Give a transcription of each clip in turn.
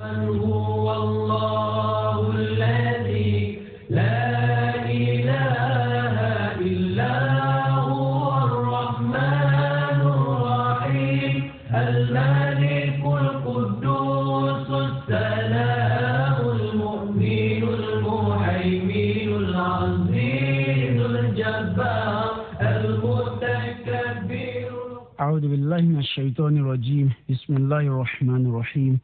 من هو الله الذي لا إله إلا هو الرحمن الرحيم الملك القدوس المؤمن المهيمن الجبار المتكبر أعوذ بالله من الشيطان الرجيم بسم الله الرحمن الرحيم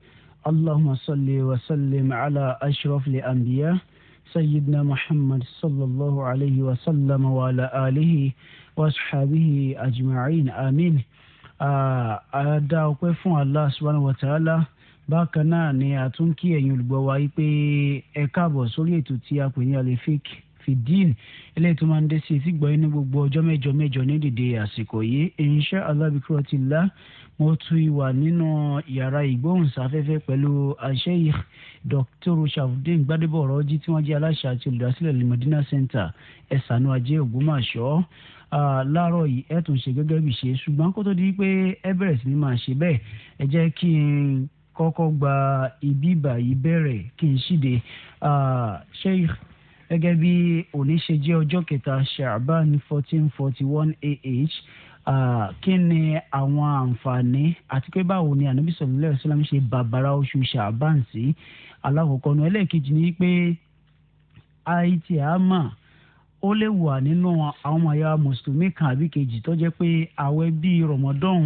اللهم صل وسلم على أشرف الأنبياء سيدنا محمد صلى الله عليه وسلم وعلى آله وأصحابه أجمعين آمين a dá الله سبحانه وتعالى subhanahu wa ta'ala bákan náà ni a tún kí ẹ̀yin olùgbọ́ wa yìí pé ẹ káàbọ̀ sórí ètò tí a pè ní alefik fidin eléyìí tó máa ń dé sí etí gbọ́ yín gbogbo ọjọ́ mẹ́jọ mẹ́jọ ní dìde àsìkò yìí insha Allah bi quwwatillah mo tu ìwà nínú yàrá ìgbóhùnsáfẹ́fẹ́ pẹ̀lú àṣeyìí dr shafudin gbadebo ọ̀rọ̀jì tí wọ́n jẹ́ aláṣẹ àti olùdásílẹ̀ limodina center ẹ̀sánú ajé ògbómọ̀ṣọ́ láàárọ̀ yìí ẹ̀ tún ṣe gẹ́gẹ́ bí ṣe ṣùgbọ́n kó tó di pé ẹ bẹ̀rẹ̀ sí ni máa ṣe bẹ́ẹ̀ ẹ jẹ́ kí n kọ́kọ́ gba ibi ìbàyí bẹ̀rẹ̀ kí n ṣíde sheikh gẹ́gẹ́ bí òní ṣe jẹ́ ọjọ́ kẹta Sha'ban fourteen forty one ah kí ni àwọn àǹfààní àti pé báwo ni ànábì sallallahu alaihi wasallam ṣe bàbàrà oṣù Sha'ban sí alákọ̀ọ́kọ́ nu ẹlẹ́ẹ̀kejì ni pé àìtì àmà ó lè wà nínú àwọn ọmọ ẹ̀yà mùsùlùmí kan àbí kejì tó jẹ́ pé àwẹ̀ bíi rọ̀mọ́dọ́n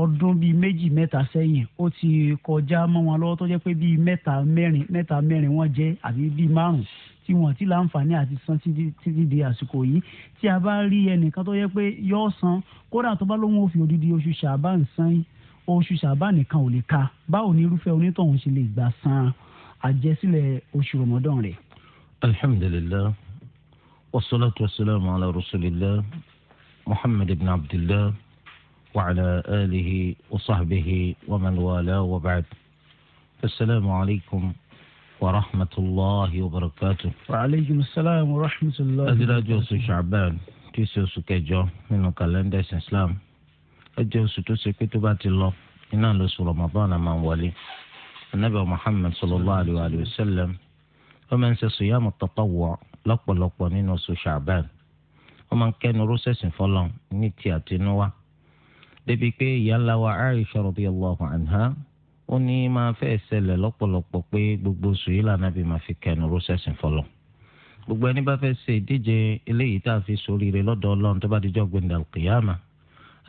ọdún bíi méjì mẹ́ta sẹ́yìn ó ti kọjá mọ́ wọn lọ́wọ́ tó jẹ́ pé bíi mẹ́ta mẹ́rin mẹ́ta mẹ́rin wọ́n jẹ́ àbí bíi márùn tí wọn ti láǹfààní àti san títí di àsìkò yìí tí a bá rí ẹnìkan tó yẹ pé yóò san kódà tó bá lóun òfin odidi oṣù ṣàbán san oṣù ṣàbán nìkan ò lè ka báwo ni irúfẹ́ onítọ̀hún ṣe lè gbà san àjẹsílẹ̀ oṣù rọmọdán rẹ̀. alhamdulilayi wasalaatu wasalaamu ala rasulillah muhammad ibn abdillah wa ala alihi wa sahbihi wa man wa ba'd. asalaamu alaykum. As warahmatulahi wabarakatu. waaleykum salaam wa rahmatulahi. dájúdájú oṣù ṣàbẹ́n tí í ṣe oṣù kẹjọ nínú kàlẹ́ndà ẹ̀sìn islam ẹ jẹ́ oṣù tó ṣe pé tó bá ti lọ iná lóṣù ramadan máa ń wọlé anabi muhammad sallallahu alayhi wa sallam ó máa ń ṣe sùyàmù tọ́pọ̀wọ̀ lọ́pọ̀lọpọ̀ nínú oṣù ṣàbẹ́n ó máa ń kẹ́nu rọ́ṣẹ̀sìn fọlọ́n ní ti àtinúwá débi pé ìyá ńlá wa aisha radiyallahu anha ó ní máa fẹ́ ṣẹlẹ̀ lọ́pọ̀lọpọ̀ pé gbogbo sùúrù lànà bí máa fi kẹnu ró sẹ́sìn fọlọ́ gbogbo ẹni bá fẹ́ ṣe ìdíje eléyìí tá a fi ṣoríire lọ́dọ̀ ọlọ́run tó bá dijọ́ gbẹ̀ndà kìyàmà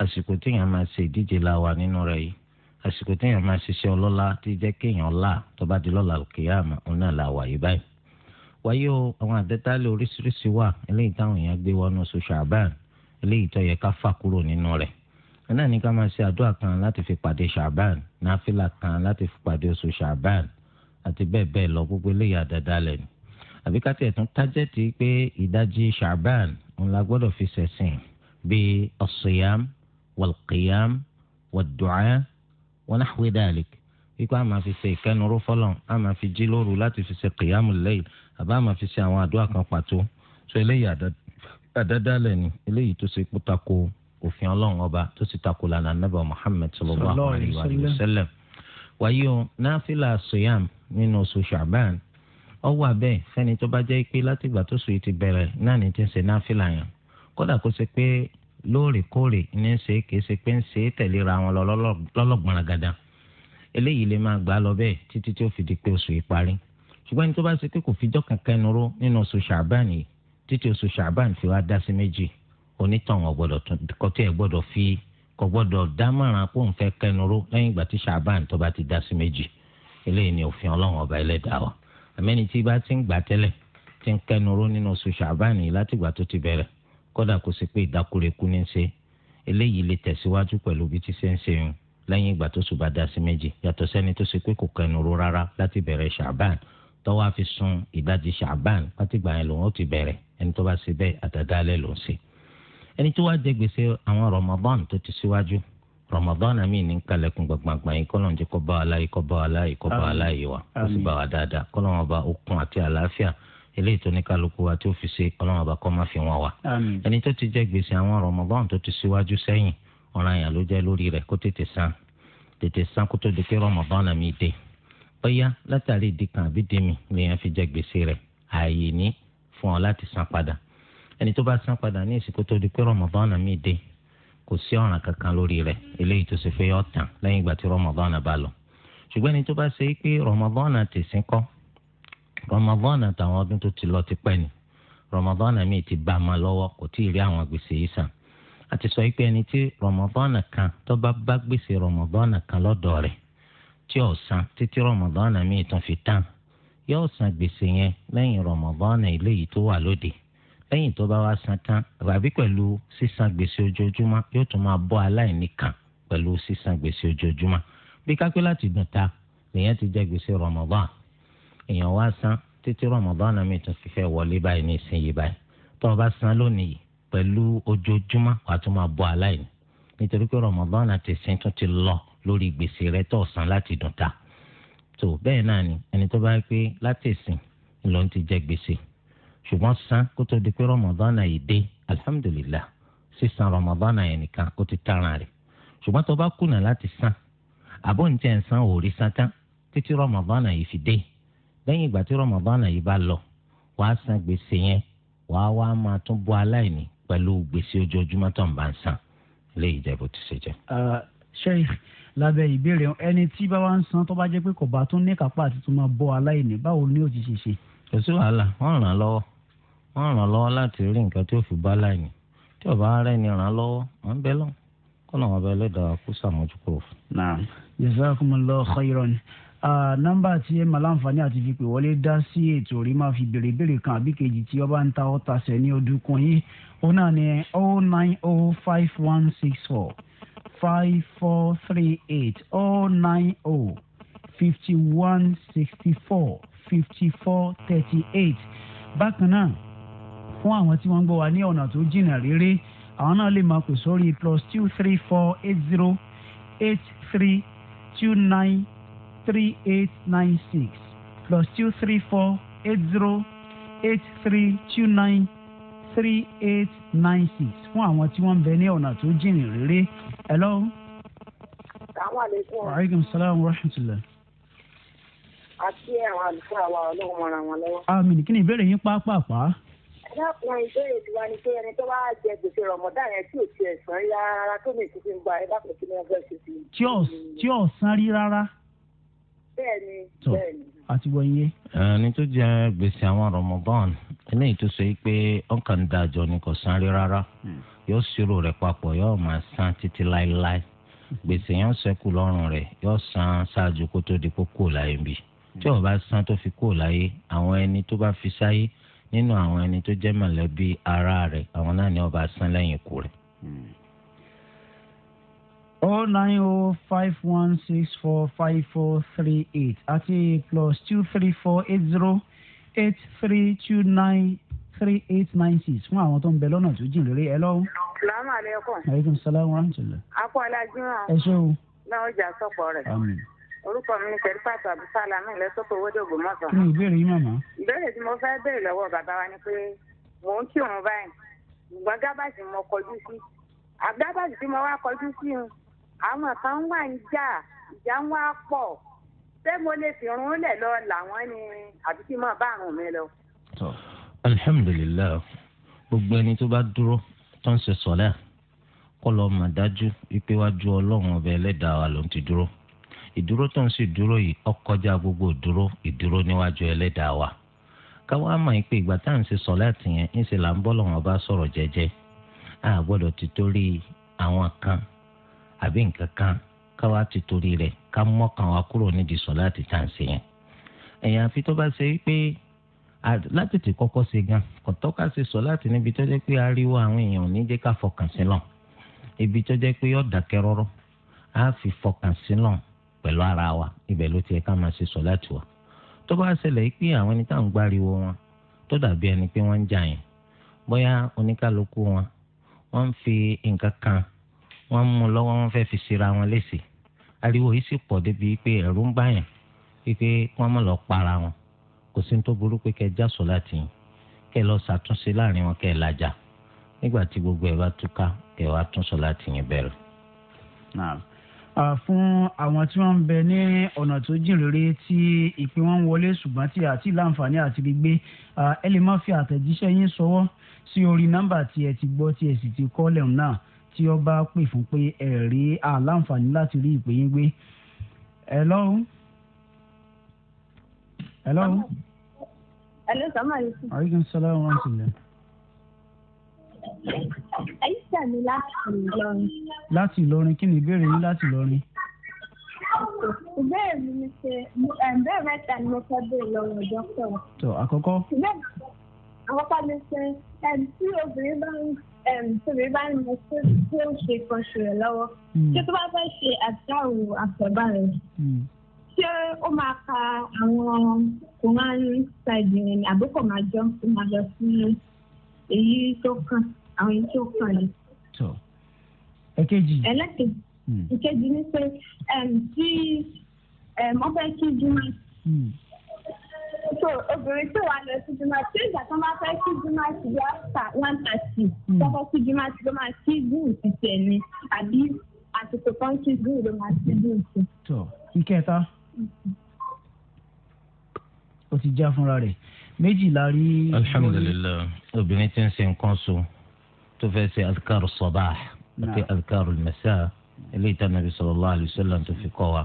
àsìkò téèyàn máa ṣe ìdíje la wà nínú rẹ̀ yìí àsìkò téèyàn máa ṣiṣẹ́ ọlọ́lá tí jẹ́ kéèyàn là tó bá di lọ́la kìyàmà òun náà la wà yìí báyìí. wáyé o àwọn àdẹ́tálẹ̀ oríṣiríṣi wà eléyìí táwọn èèyàn gbé wọnú oṣù ṣàbán eléyìí tó yẹ ká fà kúrò nínú rẹ̀ náà ní ká máa ṣe àdúrà kan láti fi pàdé ṣàbàn náfìlà kan láti fi pàdé oṣù ṣàbàn àti bẹ́ẹ̀ bẹ́ẹ̀ lọ gbogbo eléyìí àdáda lẹ̀ ni. àbí ká tiẹ̀ tún tájẹ́tì pé ìdajì ṣàbàn òun la gbọ́dọ̀ fi ṣẹ̀sìn bíi as-siyam wal-qiyam wad-du'a wa nahwi dhalik ikú a máa fi ṣe ìkẹnuró fọlọ́n a máa fi jí lóru láti fi ṣe qiyamul layl àbá a fi ṣe àwọn àdúrà kan pàtó so eléyìí àdáda lẹ̀ ni eléyìí tó ṣe kó òfin ọlọ́run ọba tó sì takò lànà nàbà muhammed sallallahu alayhi wa sallam wàyí o náfìlà siyam nínú oṣù ṣàbán ó wà bẹ́ẹ̀ fẹ́ni tó bá jẹ́ pé látìgbà tó sùn ti bẹ̀rẹ̀ náà ní ti ń ṣe náfìlà yẹn kódà kó ṣe pé lóòrèkóòrè ní ṣe kìí ṣe pé ń ṣe é tẹ̀léra wọn lọ lọ́lọ́gbọ̀n gàdá eléyìí lè máa gbà lọ bẹ́ẹ̀ títí tí fi di pé oṣù yìí parí ṣùgbọ́n ní tó bá ṣe pé kò fijọ́ kankan nuró nínú oṣù ṣàbán yìí títí oṣù ṣàbán fi wá dá sí méjì onítàn ọ̀gbọ́dọ̀ kọ́tí ẹ̀ gbọ́dọ̀ fi kò gbọ́dọ̀ dámọ̀ràn kó n fẹ́ kẹnuró lẹ́yìn ìgbà tí sàbáàn tó bá ti dá sí méjì eléyìí ni òfin ọlọ́run ọba ẹlẹ́dàá wa àmẹ́ni tí bá ti ń gbà tẹ́lẹ̀ ti ń kẹnuró nínú oṣù sàbáàn yìí látìgbà tó ti bẹ̀rẹ̀ kódà kó ṣe pé ìdákúrekú ní í ṣe eléyìí lè tẹ̀síwájú pẹ̀lú bí ti ṣe ń ṣe yun lẹ́yìn ìgbà tó ṣùgbà dá sí méjì yàtọ̀ sẹ́ni tó ṣe pé kò kẹnuró rárá láti bẹ̀rẹ̀ sàbáàn tó wá fi sun ìdajì sàbáàn látìgbà yẹn lòun ó ti bẹ̀rẹ̀ ẹni tó bá ṣe bẹ́ẹ̀ àtàdálẹ̀ lòun ṣe ẹni tí wàá jẹ gbèsè àwọn Ramadan tó ti síwájú Ramadan mi ní kalẹ̀kùn gbàgbàgbà yìí kọ́lọ́n ti kọ́ bá wa láyé kọ́ bá wa láyé kọ́ bá wa láyé wa ó sì bá wa dáadáa kọ́lọ́n wa bá okun àti àlàáfíà eléyìí tó ní kálukú wa tí ó fi ṣe ọlọ́run ọba kọ́ máa fi wọn wá. ẹni tó ti jẹ́ gbèsè àwọn Ramadan tó ti síwájú sẹ́yìn ọ̀ràn àyàn ló jẹ́ lórí rẹ̀ kó tètè san tètè san kó tó di pé Ramadan mi dé. bóyá látàrí ìdí kan àbí ni lèèyàn fi jẹ́ gbèsè rẹ̀ ààyè ní fún ọ láti san padà ẹni tó bá san padà ní ìsìnkú tó di pé rọmọdánà mi dé kò sí ọ̀ràn kankan lórí rẹ̀ eléyìí tó ṣe fẹ́ yọ tán lẹ́yìn ìgbà tí rọmọdánà bá lọ ṣùgbọ́n ẹni tó bá ṣe pé rọmọdánà tẹ̀sìn kọ́ rọmọdánà tàwọn ọdún tó ti lọ ti pẹ́ ni rọmọdánà mi ti bá a ma lọ́wọ́ kò tí ì rí àwọn gbèsè yìí san a ti sọ pé ẹni tí rọmọdánà kan tó bá bá gbèsè rọmọdánà kan lọ́dọ̀ rẹ̀ tí ò san títí rọmọdánà mi tún fi tán yóò san gbèsè yẹn lẹ́yìn rọmọdánà eléyìí tó wà lóde lẹ́yìn tó bá wá san tán àbí pẹ̀lú sísan gbèsè ojoojúmọ́ yóò tún máa bọ́ aláìní kan pẹ̀lú sísan gbèsè ojoojúmọ́ bí kápẹ́ láti dùn ta nìyẹn ti jẹ́ gbèsè Ramadan èèyàn wá san títí Ramadan náà mi tún fi fẹ́ wọlé báyìí ní ìsinyìí báyìí tó o bá san lónìí pẹ̀lú ojoojúmọ́ wàá tún máa bọ́ aláìní nítorí pé Ramadan náà ti sin tún ti lọ lórí gbèsè rẹ tó san láti dùn ta tó bẹ́ẹ̀ náà ni ẹni tó bá pé látẹ̀sìn ló ń ti jẹ gbèsè ṣùgbọ́n san kó tó di pé rọmọdánà yìí dé alihamudulilah sísan rọmọdánà yẹn nìkan ó ti tàràn rẹ̀ ṣùgbọ́n tó bá kùnà láti san àbọ̀ ní tẹ̀ ń san òòrí san tán títí rọmọdánà yìí fi dé lẹ́yìn ìgbà tí rọmọdánà yìí bá lọ wàá san gbèsè yẹn wàá wàá máa tún bọ́ aláìní pẹ̀lú gbèsè ojoojúmọ́ tó ń bá ń san lé ìjẹ́bù ti ṣe jẹ́. sheikh lábẹ́ ìbéèrè ẹni tí bá wá ń san tó bá jẹ́ pé kò bá tún ní kápá àti tó máa bọ́ aláìní báwo ni ó ti ṣe ṣe. kò sí wàhálà wọ́n ràn án lọ́wọ́ wọ́n ràn lọ́wọ́ láti rí nǹkan tí ó fi bá láàyè tí ọba ara ẹni ràn lọ́wọ́ wọ́n bẹ́ lọ kọ́nà wọn bẹ lẹ́dàá kó sàmójúkò. naam jazakumullahu khairan nọ́mbà tí ẹ máa láǹfààní àti fi pè wọlé dá sí ètò rí máa fi béèrè béèrè kan àbí kejì tí ọba ń ta ọta sẹ ní ọdúnkún yìí òun náà ni o oh nine o oh five one six four five four three eight o oh nine o fifty one sixty four fifty four thirty eight bákan náà fún àwọn tí wọ́n ń gbọ́ wa ní ọ̀nà tó jìnnà réré àwọn náà lè máa pè sórí plus two three four eight zero eight three two nine three eight nine six plus two three four eight zero eight three two nine three eight nine six fún àwọn tí wọ́n ń bẹ ní ọ̀nà tó jìnnà réré. hello. salaamaleykum. wa aleykum salaam wa rahmatulah àti àwọn àlùfáà wa ọlọ́run mọ́ra wọn lọ́wọ́. àmín kí ni ìbéèrè yín pàápàá dákun ìbéèrè tí wàá ní pé ẹni tó bá jẹ gbèsè rọmọdá yẹn tí ò ti ẹ̀ sàn rí rárá tó ní ìtúsí ń gba ẹ dákun kí ni wọn fẹ́ ṣe sí i. tí ò sàn rí rárá. bẹ́ẹ̀ni bẹ́ẹ̀ni. àti wọ iye. ẹni tó jẹ gbèsè àwọn rọmọdán eléyìí tó sọ pé ọkàn dàjọ ni kò sàn rí rárá yóò ṣírò rẹ̀ papọ̀ yóò máa san títí láéláé gbèsè yẹn ṣẹ́kù lọ́rùn rẹ̀ yóò san ṣáájú kó tó di kó kúrò láyé bí tí ó bá san tó fi kúrò láyé àwọn ẹni tó bá fi sáyé nínú àwọn ẹni tó jẹ́ mọ̀lẹ́bí ara rẹ̀ àwọn náà ni ọba san lẹ́yìn ikú rẹ̀. o oh nine o oh five one six four five four three eight àti plus two three four eight zero eight three two nine three eight nine six fún àwọn tó ń bẹ lọ́nà tó jìn lórí ẹ lọ́wọ́. salaamaleykum. aleykum salaam wa rahmatulah. akọ alájú hàn. ẹ ṣé o. náà ó jà sọ̀pọ̀ rẹ̀. àmín orúkọ mi ni kẹrìfàtà abúsálà mi lẹsọpọ owódò ògbómọ̀ṣọ́. kí ni ìbéèrè yín màmá. ìbéèrè tí mo fẹ́ béèrè lọ́wọ́ bàbá wa ni pé mò ń kí òun báyìí ṣùgbọ́n gábàjì mo kọjú sí àgábàjì tí mo wá kọjú sí un àwọn kan wà ń jà ìjà ń wá pọ̀ ṣé mo lè fi irun lẹ̀ lọ làwọn ni àbí kí n máa bá àrùn mi lọ. alhamdulilayi gbogbo ẹni tó bá dúró tó ń ṣe sọlẹ kó mà dájú wípé wájú Ọlọ́run ọbẹ Ẹlẹ́dàá wa ló ń ti dúró ìdúró tó ń sì dúró yìí ó kọjá gbogbo ìdúró ìdúró níwájú ẹlẹ́dàá wa káwá mọ̀ pé ìgbà tá à ń ṣe sọ̀láàtì yẹn ń ṣe là ń bọ́ lọ́wọ́n bá sọ̀rọ̀ jẹ́jẹ́ a gbọ́dọ̀ ti torí àwọn kan àbí nǹkan kan káwá ti torí rẹ̀ ká mọ́kàn wa kúrò nídìí sọ̀láàtì tá à ń ṣe yẹn ẹ̀yàn àfi tó bá ṣe pé láti ti kọ́kọ́ ṣe gan kò tọ́ka ṣe sọ̀láàtì níbi tó jẹ́ pé ariwo àwọn èèyàn ní jẹ́ ká fọkàn sí ibi tó jẹ́ pé yóò dákẹ́ á fi fọkàn sí pẹ̀lú ara wa ibẹ̀ ló ti yẹ ká máa ṣe sọ láti wà tó bá ṣẹlẹ̀ pé àwọn ẹni tá à ń gbáriwo wọn tó dàbí ẹni pé wọ́n ń jà yẹn bóyá oníkálukú wọn wọ́n ń fi nǹkan kan wọ́n mú lọ́wọ́ wọ́n fẹ́ fi ṣera wọn léṣe ariwo yìí sì pọ̀ débi pé ẹ̀rù ń bá pé wọ́n mọ̀ lọ para wọn kò sí tó burú pé kẹ́ já sọ láti yìn kẹ́ lọ ṣàtúnṣe láàrin wọn kẹ́ làjà nígbà tí gbogbo ẹ̀ bá túká kẹ́ wàá tún láti yìn bẹ̀rẹ̀ fún àwọn tí wọ́n ń bẹ ní ọ̀nà tó jìn rere tí ìpín wọn ń wọlé ṣùgbọ́n tí àti láǹfààní àti rí gbé ẹ lè má fi àtẹ̀jíṣẹ́ yín ṣọwọ́ sí orí nọ́mbà tí ẹ ti gbọ́ tí ẹ sì ti kọ́ lẹ́hùn náà tí ó bá pè fún pé ẹ rí àláǹfààní láti rí ìpè yín gbé. hello. hello. hello sàmàlì. aleykum salaam wa rahmatulah. Aisha mi láti Ìlọrin. Láti Ìlọrin kí ni ìbéèrè yín láti Ìlọrin? Ìbéèrè mi ni pé ìbéèrè mẹ́ta ni mo fẹ́ béèrè lọ́wọ́ dọ́kítọ̀. Tó àkọ́kọ́. Ìbéèrè àkọ́kọ́ ni pé tí obìnrin bá ń tóbi bá ń lọ sí tí ó ń ṣe kan ṣòro lọ́wọ́ hmm. tí tó bá fẹ́ ṣe àtàwò àtọ̀bá rẹ̀ hmm. ṣé ó máa ka àwọn kò máa ń ṣàìdìrín àbúkọ̀ máa jọ́ kó máa lọ sí èyí tó kàn àwọn èyí tó kàn yìí. tọ ẹ̀kejì. ẹlẹ́kejì ìkejì hmm. ni pé tí wọ́n fẹ́ kí jùmọ̀ hmm. so obìnrin tó wà lọ sí jùmọ̀ tí ìgbà tó máa fẹ́ kí jùmọ̀ sí bí after one thirty hmm. tọ́kọ́ kí jùmọ̀ sí ló máa kí gùn títẹ̀ ni àbí àsìkò kan kí gùn ló máa kí gùn sí. tọ ìkẹta ó ti já fúnra rẹ̀ méjìlá rí. alhamdulilayi obìnrin tí ń ṣe nǹkan so tó fẹ́ ṣe azkar sabah àti azkar masa eléyìí tí anabi sallallahu alayhi wa sallam tó fi kọ́ wa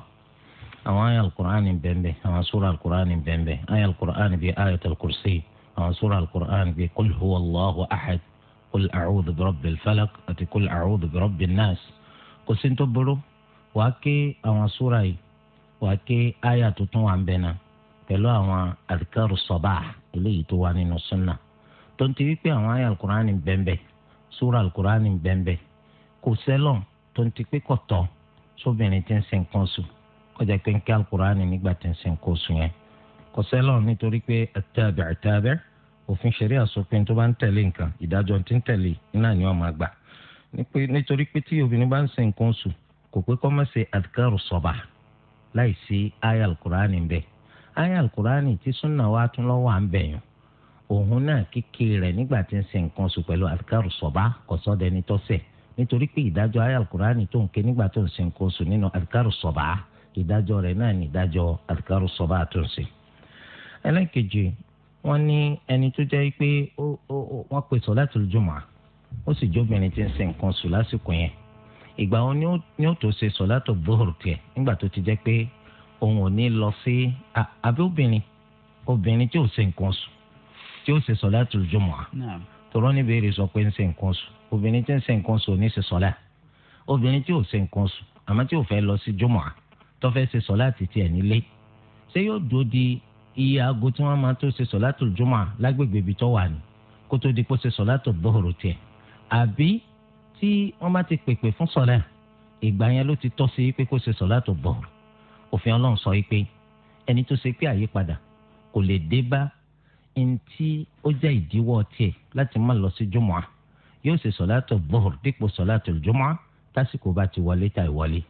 àwọn ayé alukur'ani bẹ́ẹ̀nbẹ́ àwọn sura alukur'ani bẹ́ẹ̀nbẹ́ ayé alukur'ani bíi ayatul kursi àwọn sura alukur'ani bíi kul huwa allahu ahad kul acudu birabbil falak àti kul acudu birabbin nas kò sí ní tó burú wàá ké àwọn sura yìí wàá ké ayé tuntun wà ń bẹ náà pẹ̀lú àwọn àdìkárù sọ́bà eléyìí tó wà nínú súnà tó ń ti wípé àwọn ayé alukur'ani bẹ́ẹ̀nbẹ́ẹ́ súra alukur'ani bẹ́ẹ̀nbẹ́ẹ́ kò sẹ́lọ̀n tó ń ti pé kọ̀tọ́ sóbìnrin tí ń sin nǹkan sùn kọjá pé ń kí alukur'ani nígbà tí ń sin nǹkan sùn yẹn kò sẹ́lọ̀n nítorí pé àtàbẹ̀ àtàbẹ̀ òfin ṣẹ̀rí àsopin tó bá ń tẹ̀lé nǹkan ìdájọ́ tí ń tẹ̀lé iná ni wọ́n máa gbà nítorí pé tí obìnrin bá ń sin nǹkan sùn kò pé kọ́ mọ́ ṣe àdìkárù sọ́bà láì ayé alukur'ani bẹ́ẹ̀ aya alukurani tí súnà wa tún lọ́wọ́ à ń bẹ̀yàn òun náà kékeré rẹ̀ nígbà tí ń ṣe nǹkan oṣù pẹ̀lú àtikárù sọ̀bá kọ̀sọ́dẹni tọ́sẹ̀ nítorí pé ìdájọ́ aya alukurani tó ń ké nígbà tó ń nínú àtikárù ìdájọ́ rẹ̀ náà ní ìdájọ́ tó ń ẹlẹ́kejì ní ẹni tó òun ò ní lọ sí àbí obìnrin obìnrin tí ò ṣe nǹkan sùn tí ó ṣe sọlá tòlùjọmọ à tòrọ níbi èrè sọ pé ń ṣe nǹkan sùn obìnrin tí ń ṣe nǹkan sùn ò ní ṣe sọlá obìnrin tí ò ṣe nǹkan sùn àmọ́ tí ò fẹ́ lọ sí jọmọ à tó fẹ́ ṣe sọlá àti tiẹ̀ nílé ṣé yóò dúró di iye aago tí wọ́n máa tó ṣe sọlá tòlùjọmọ à lágbègbè ibi tó wà ní kó tó di kó ṣe sọlá tó dọ́hòrò tiẹ̀ àbí tí wọ́n bá ti pèpè fún sọlá ìgbà yẹn ló ti tọ́ sí pé kó ṣe sọlá tó dọ́hòrò òfin ọlọ́run sọ pé ẹni tó ṣe pé àyípadà kò lè dé bá ẹni tí ó jẹ́ ìdíwọ́ tiẹ̀ láti má lọ sí jùmọ̀á yóò ṣe sọ̀látọ̀ bọ́ọ̀rù dípò sọ̀látọ̀ jùmọ̀á tásìkò bá ti wọlé ta ìwọlé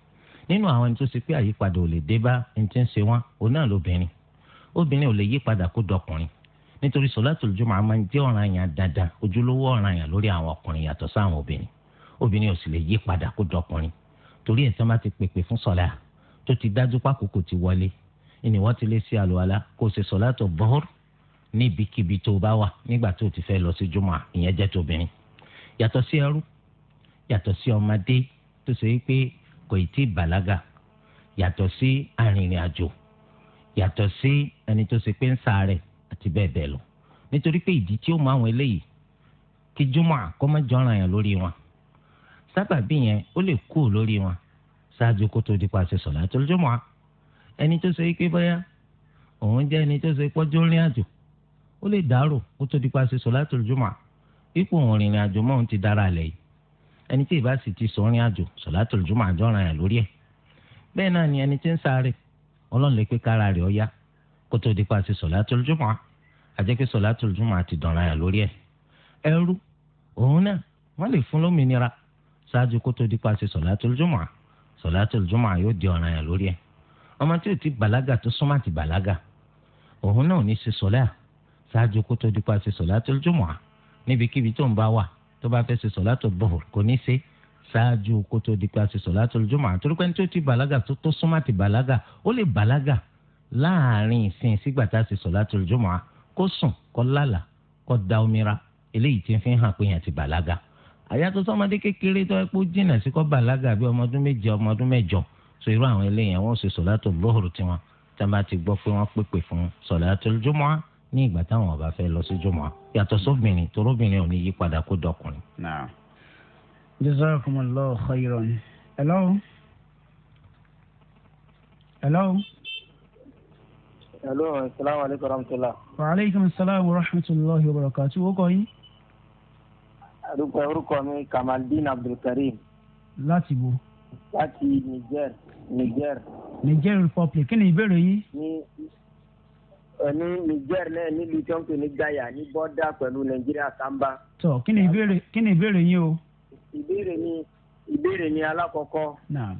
nínú àwọn ẹni tó ṣe pé àyípadà ò lè dé bá ẹni tí ń ṣe wọn òun náà lóbìnrin obìnrin ò lè yí padà kó dọkùnrin nítorí sọ̀látọ̀ jùmọ̀á máa ń jẹ́ ọ̀ranyàn dandan ojúlówó ọ̀ranyàn lórí àwọn ọkùnrin yàtọ̀ sáwọn obìnrin obìnrin ò sì lè yí padà kó dọkùnrin torí ẹ̀ tí bá ti pèpè fún sọ̀lá tó ti dájú pákòkò ti wọlé ni wọ́n ti lè ṣe àlùwàlá kó o ṣe sọ̀látọ̀ bọ́ọ̀rù níbikíbi tó o bá wà nígbà tó o ti fẹ́ lọ sí jùmọ̀ ìyẹn jẹ́ tóbìnrin yàtọ̀ sí ẹrú yàtọ̀ sí ọmọdé tó ṣe wípé kò ì tí ì bàlágà yàtọ̀ sí arìnrìn àjò yàtọ̀ sí ẹni tó ṣe pé ń ṣàárẹ̀ àti bẹ́ẹ̀ bẹ́ẹ̀ lọ nítorí pé ìdí tí ó mú àwọn eléyìí kí jùmọ̀ kó má lórí wọn sábàbí yẹn ó lè kú lórí wọn ṣáájú kó tó di pa ṣe sọ̀látul jumu'ah ẹni tó ṣe é pé bóyá òun jẹ́ ẹni tó ṣe pọ́jú rìn àjò ó lè dárò kó tó di pa ṣe sọ̀látul jumu'ah ipò òun rìnrìn àjò mọ́ òun ti dára lẹ̀ yìí ẹni tí ìbá sì ti sọ̀rìn àjò sọ̀látul jumu'ah àjọràn ẹ̀ lórí ẹ̀ bẹ́ẹ̀ náà ni ẹni tí ń sáré ọlọ́run lè pé kára rẹ̀ ó kó tó di pa ṣe sọ̀látul jumu'ah àjẹkẹ́ sọ̀látul jumu'ah àti dọ̀ràn ẹ̀ lórí ẹ̀ ẹrú òun náà wọ́n lè fún di pa ṣe sọ̀látul sọ̀látò jùmọ̀ yóò di ọ̀ràn yẹn lórí ẹ̀ ọmọ tí ò ti bàlágà tó súnmọ́ àti bàlágà òun náà ní ṣe sọ̀lá ṣáájú kó tó dípa ṣe sọ̀látò jùmọ̀ níbikíbi tó ń bá wà tó bá fẹ́ ṣe sọ̀látò bọ̀hùr kò ní ṣe ṣáájú kó tó dípa ṣe sọ̀látò jùmọ̀ torí pé ní tí ò ti bàlágà tó tó súnmọ́ àti bàlágà ó lè bàlágà láàrin ìsìn sígbà tá a àyàtọ̀ sọ́mọdé kékeré tó ẹ kó jìnnà sí kọ́ bàlágà bí ọmọ ọdún méje ọmọ ọdún mẹ́jọ so irú àwọn eléyìí àwọn ṣe sọ̀látò lóhùrù tiwọn tá a bá ti gbọ́ pé wọ́n pèpè fún sọ̀látò jùmọ̀ ní ìgbà táwọn ọba fẹ́ lọ sí jùmọ̀ yàtọ̀ sóbìnrin torobìnrin ò ní yí padà kó dọkùnrin. jazakumullahu khairan hello hello. hello asalaamualeykum wa rahmatulah. wa aleykum salaam wa rahmatulahi wa barakatuh. o kò yín orúkọ orúkọ mi kamaldeen abdulkareem. láti wo. láti niger niger. niger republic kí ni ìbéèrè yín. ní ní niger náà nílùú tí wọn pè ní gaya ní bọ́dà pẹ̀lú nàìjíríà kánbá. tọ kí ni ìbéèrè kí ni ìbéèrè yín o. ìbéèrè mi ìbéèrè mi alákọ̀ọ́kọ́. náà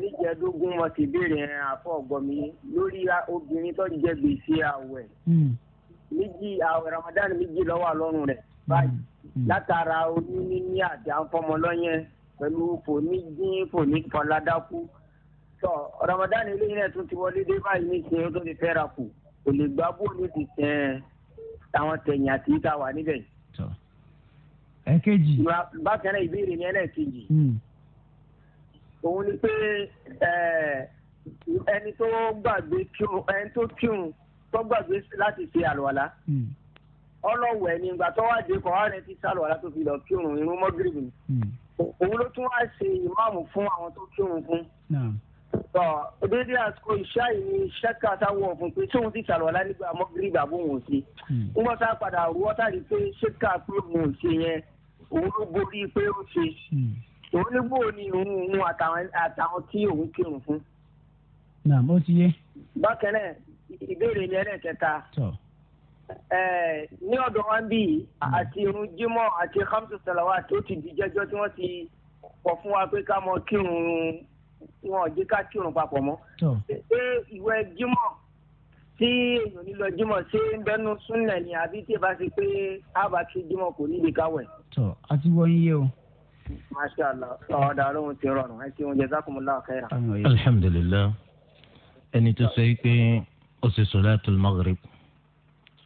níjẹ̀dógún wọn ti béèrè ẹran àfọ ọgbọmi lórí obìnrin tó jẹ gbèsè àwẹ̀ hmm. méjì àwẹ̀ ramadan méjì ló wà lọ́rùn rẹ̀ báyìí hmm látara oníníní àti àfọmọlọ́yẹn pẹ̀lú fòníjìn fònífọ̀ládákú tọ Ramadan eléyìí náà tún ti wọlé dé báyìí níṣẹ́ ó tó ti fẹ́ ra kù kò lè gbá bóòlù ti tẹ̀ àwọn tẹ̀yìn àti ìta wà níbẹ̀. ẹ̀kejì. bákan náà ìbéèrè ni ẹlẹ́ẹ̀kejì. Hmm. òun ni pé ẹni tó gbàgbé kírun ẹni tó kírun tó gbàgbé láti ṣe àlùwàlá. Hmm ọlọ́wọ̀ ẹni ìgbà tó wá dé kọ́ ààrẹ ti sálọ ọ̀la tó fi lọ kírun irun mọ́gìrìbì hmm. òun ló tún wá ṣe ìmáàmù fún àwọn tó kírun fún. tọ́ àsìkò ìṣá yìí ni ṣẹ́ka táwọ̀ fún pé tí òun ti sálọ ọ̀la nígbà mọ́gìrìbì àbóhùn òsì. Hmm. nígbà tá a padà rú ọ́tà rí pé ṣẹ́ka pé òun òsì yẹn òun ló borí pé ó ṣe. òun hmm. ní bò ní òun òun àtàwọn tí òun kírun fún. nà bó ti Eh, ní ọ̀dọ̀ wa bí àti irun jímọ̀ àti hamsu salawa tó ti di jẹ́jọ́ tí wọ́n ti pọ̀ fún wa pé ká mọ kírun wọn ò jẹ́ ká kírun papọ̀ mọ́. ṣé ìwẹ̀ jímọ̀ tí èèyàn nílò jímọ̀ ṣé ń bẹnu súnlẹ̀ ni àbí tí ẹ bá ti pé àbá kí jímọ̀ kò níbi káwẹ̀. tọ àti wọnyí yé o. masha allah ọ̀dà ọlọ́run ti rọrùn ẹ ti oúnjẹ jazakumullahu khairan. alhamdulilayi ẹni tó sọ yìí pé ó ṣe solatul maghrib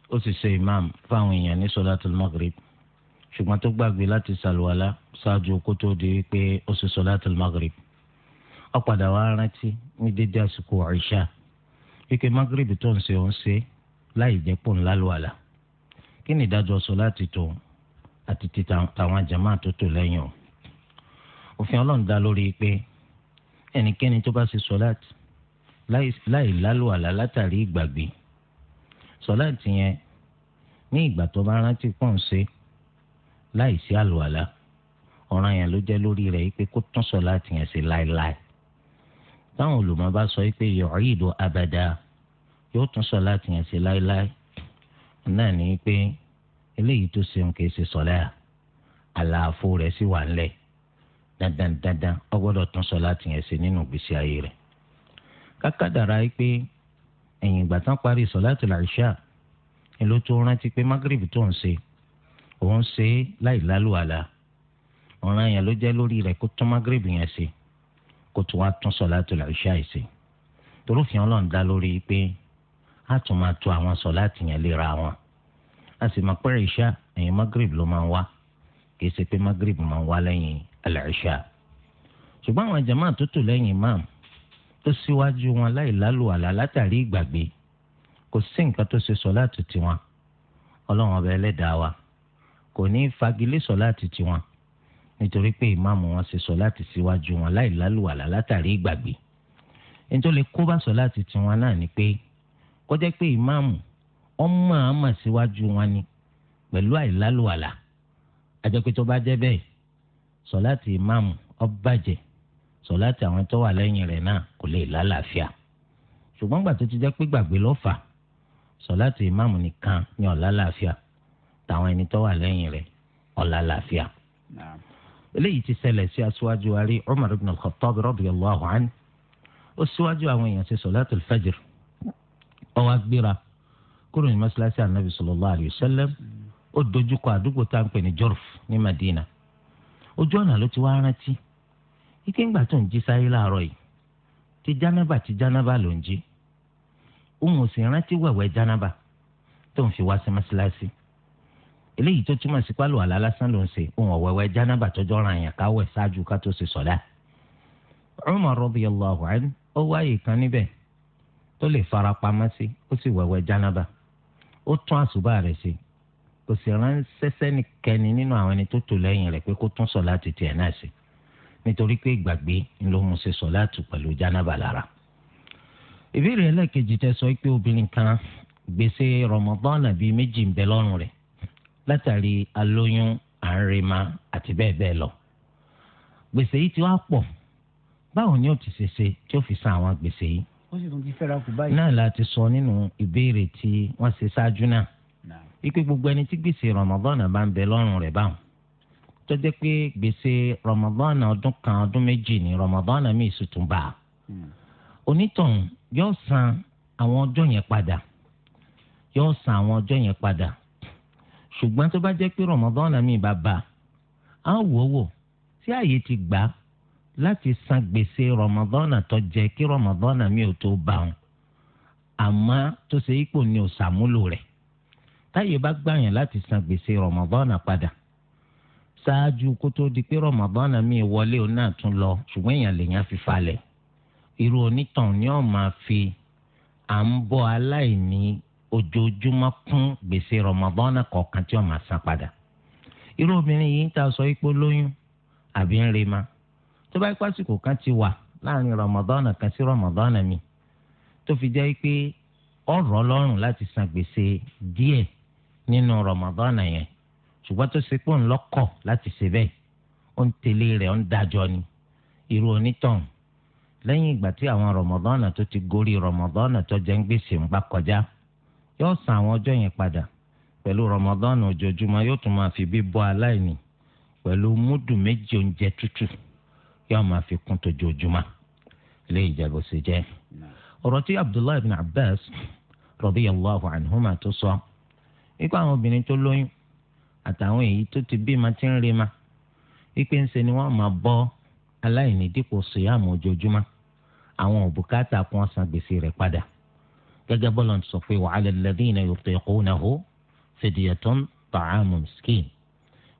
ó sì ṣe imam fáwọn èèyàn ní sọláàtì magrib ṣùgbọ́n tó gbàgbé láti ṣàlùwàlá ṣáájú kó tó di wípé ó ṣe sọláàtì magrib ó padà wá rántí ní dédé àsìkò ìṣá wípé magrib tó ń ṣe òun ṣe láì jẹ́ pò ńlá lùwàlà kí ni ìdájọ́ sọláàtì tó àti ti tàwọn jama tó tò lẹ́yìn o òfin ọlọ́run dá lórí pé ẹnikẹ́ni tó bá ṣe sọláàtì láì lálùwàlà látàrí ìgbàgbé sọláàtì yẹn ní ìgbà tó bá rántí pọ̀ ń ṣe láì sí àlùwàlà ọ̀ràn yẹn ló jẹ́ lórí rẹ̀ pé kó tún sọláàtì yẹn ṣe láéláé táwọn olùmọ̀ bá sọ pé yu'idu abada yóò tún sọláàtì yẹn ṣe láéláé náà ní pé eléyìí tó ṣeun kìí ṣe sọláà àlàáfó rẹ̀ sì wà ńlẹ̀ dandan dandan ó gbọ́dọ̀ tún sọláàtì yẹn ṣe nínú ìgbésí ayé rẹ̀ kákàdàrà yìí pé ẹ̀yìn ìgbà tán parí sọ̀láàtì làṣà ló tó rántí pé magrib tó ń ṣe òun ṣe é láì lálùwàlà ọ̀ràn yẹn ló jẹ́ lórí rẹ̀ kó tún magrib yẹn ṣe kó tún wá tún sọ̀láàtì làṣà yìí ṣe torófin ọlọ́run dá lórí pé a tún máa to àwọn sọ̀láàtì yẹn léra wọn a sì máa pẹ́rẹ́ ìṣá ẹ̀yìn magrib ló máa ń wá kì í ṣe pé magrib máa ń wá lẹ́yìn àlàṣà ṣùgbọ́n àwọn jàmáà tó tò lẹ́yìn imáàmù tó síwájú wọn láì lálùwàlà látàrí ìgbàgbé kò sí nǹkan tó ṣe sọ̀láàtì tiwọn ọlọ́run ọba ẹlẹ́dàá wa kò ní í fagilé sọ̀láàtì tiwọn nítorí pé ìmáàmù wọn ṣe sọ̀láàtì síwájú wọn láì lálùwàlà látàrí ìgbàgbé nítorí kó bá sọ̀láàtì tiwọn náà ni pé kó jẹ́ pé ìmáàmù ọmọ àmà síwájú wọn ni pẹ̀lú àìlálùwàlà àjẹpẹ́ tó bá jẹ́ bẹ́ẹ̀ sọ̀láàtì ìmáàmù ó bàjẹ́ sọláàtì àwọn tó wà lẹ́yìn rẹ̀ náà kò lè lálàáfíà ṣùgbọ́n gbà tó ti jẹ́ pé gbàgbé ló fà sọláàtì ìmáàmù nìkan ni ó lálàáfíà táwọn ẹni tó wà lẹ́yìn rẹ̀ ó lálàáfíà. eléyìí ti ṣẹlẹ̀ sí aṣáájú wa rí Umar ibn al-Khattab radiyallahu anhu ó síwájú àwọn èèyàn ṣe sọláàtì al-fajr ó wá kúrò ní mọ́ṣáláṣí ànábì sallallahu alayhi wa ó dojúkọ àdúgbò tá ní Jorf ní Madina ojú ọ̀nà ló ti wá rántí ike ńgbà tó ń jí sáyé láàárọ̀ yìí ti jánábà ti jánábà ló ń jí òun ò sì rántí wẹ̀wẹ̀ jánábà tó ń fi wá sí mọ́ṣáláṣí eléyìí tó túmọ̀ sí pálọ̀ àlá lásán ló ń ṣe òun ọ̀wẹ̀wẹ̀ jánábà tọjọ́ ra àyàn káwẹ̀ ṣáájú ká tó ṣe sọ̀dá. Umar radiyallahu anhu ó wáyé kan níbẹ̀ tó lè fara pamọ́ sí ó sì wẹ̀wẹ̀ jánábà ó tún àṣùbà rẹ̀ ṣe kò sì ránṣẹ́ sẹ́nikẹ́ni nínú àwọn ẹni tó tò lẹ́yìn rẹ̀ pé kó tún sọ̀ láti tiẹ̀ náà ṣe nítorí pé ìgbàgbé ló mú ṣe sọ̀láàtù pẹ̀lú jánábà lára. ìbéèrè ẹlẹ́ẹ̀kejì tẹ sọ pé obìnrin kan gbèsè rọmọdọ́nà bíi méjì ń bẹ lọ́rùn rẹ̀ látàrí alóyún àárẹ̀má àti bẹ́ẹ̀ bẹ́ẹ̀ lọ. gbèsè yìí ti wá pọ̀ báwo ni ó ti ṣe ṣe tí ó fi san àwọn gbèsè yìí. ó sì tún ti fẹ́ra kù báyìí. náà la sọ nínú ìbéèrè tí wọ́n ṣe ṣáájú náà. wípé gbogbo ẹni tí gbèsè rọmọdọ́nà bá ń bẹ lọ́rùn rẹ̀ báwọn tó jẹ́ pé gbèsè rọmọdánà ọdún kan ọdún méjì ni rọmọdánà míì sì tún bá a onítọ̀hún yóò san àwọn ọjọ́ yẹn padà yóò san àwọn ọjọ́ yẹn padà ṣùgbọ́n tó bá jẹ́ pé rọmọdánà míì bá bá a á wò ó wò tí ààyè ti gbà á láti san gbèsè rọmọdánà tó kí rọmọdánà míì ò tó bá wọn àmọ́ tó ṣe ipò ni ò sàmúlò rẹ̀ táyé bá gbà yẹn láti san gbèsè rọmọdánà padà. ṣáájú kó tó di pé rọmọbọnà mi wọlé òun náà tún lọ ṣùgbọ́n èèyàn lèèyàn fi falẹ̀ irú onítàn ni ó máa fi à ń bọ́ aláìní ojoojúmọ́ kún gbèsè rọmọbọnà kọọkan tí ó máa san padà irú obìnrin yìí ń ta sọ ipò lóyún àbí ń rema tó bá ipá sìkò kan ti wà láàrin rọmọbọnà kan sí rọmọbọnà mi tó fi jẹ́ pé ọ̀rọ̀ lọ́rùn láti san gbèsè díẹ̀ nínú rọmọbọnà yẹn ṣùgbọ́n tó ṣe pé òun lọ́kọ̀ láti ṣe bẹ́ẹ̀ ó ń tẹ̀lé rẹ̀ ó ń dájọ́ ni irú onítàn lẹ́yìn ìgbà tí àwọn rọmọdọ́nà tó ti gorí rọmọdọ́nà tó jẹ́ ń gbèsè ń bá kọjá yóò san àwọn ọjọ́ yẹn padà pẹ̀lú rọmọdọ́nà ojoojúmọ́ yóò tún máa fi bí bọ́ aláìní pẹ̀lú múdù méjì oúnjẹ tútù yóò máa fi kún tójoojúmọ́ lé ìjẹ́bù sí jẹ́. ọ̀rọ̀ tí abdullahi ibn abbas radiyallahu anhuma tó sọ nípa àwọn obìnrin tó lóyún àtàwọn èyí tó ti bímọ tí ń rema wípé ńṣe ni wọ́n máa bọ́ aláìní dípò síyàmù ojoojúmọ́ àwọn òbúkátà kan san gbèsè rẹ̀ padà gẹ́gẹ́ bọ́lá ń sọ pé wa 'ala alladhina yutiqunahu fidyatun ta'amu miskin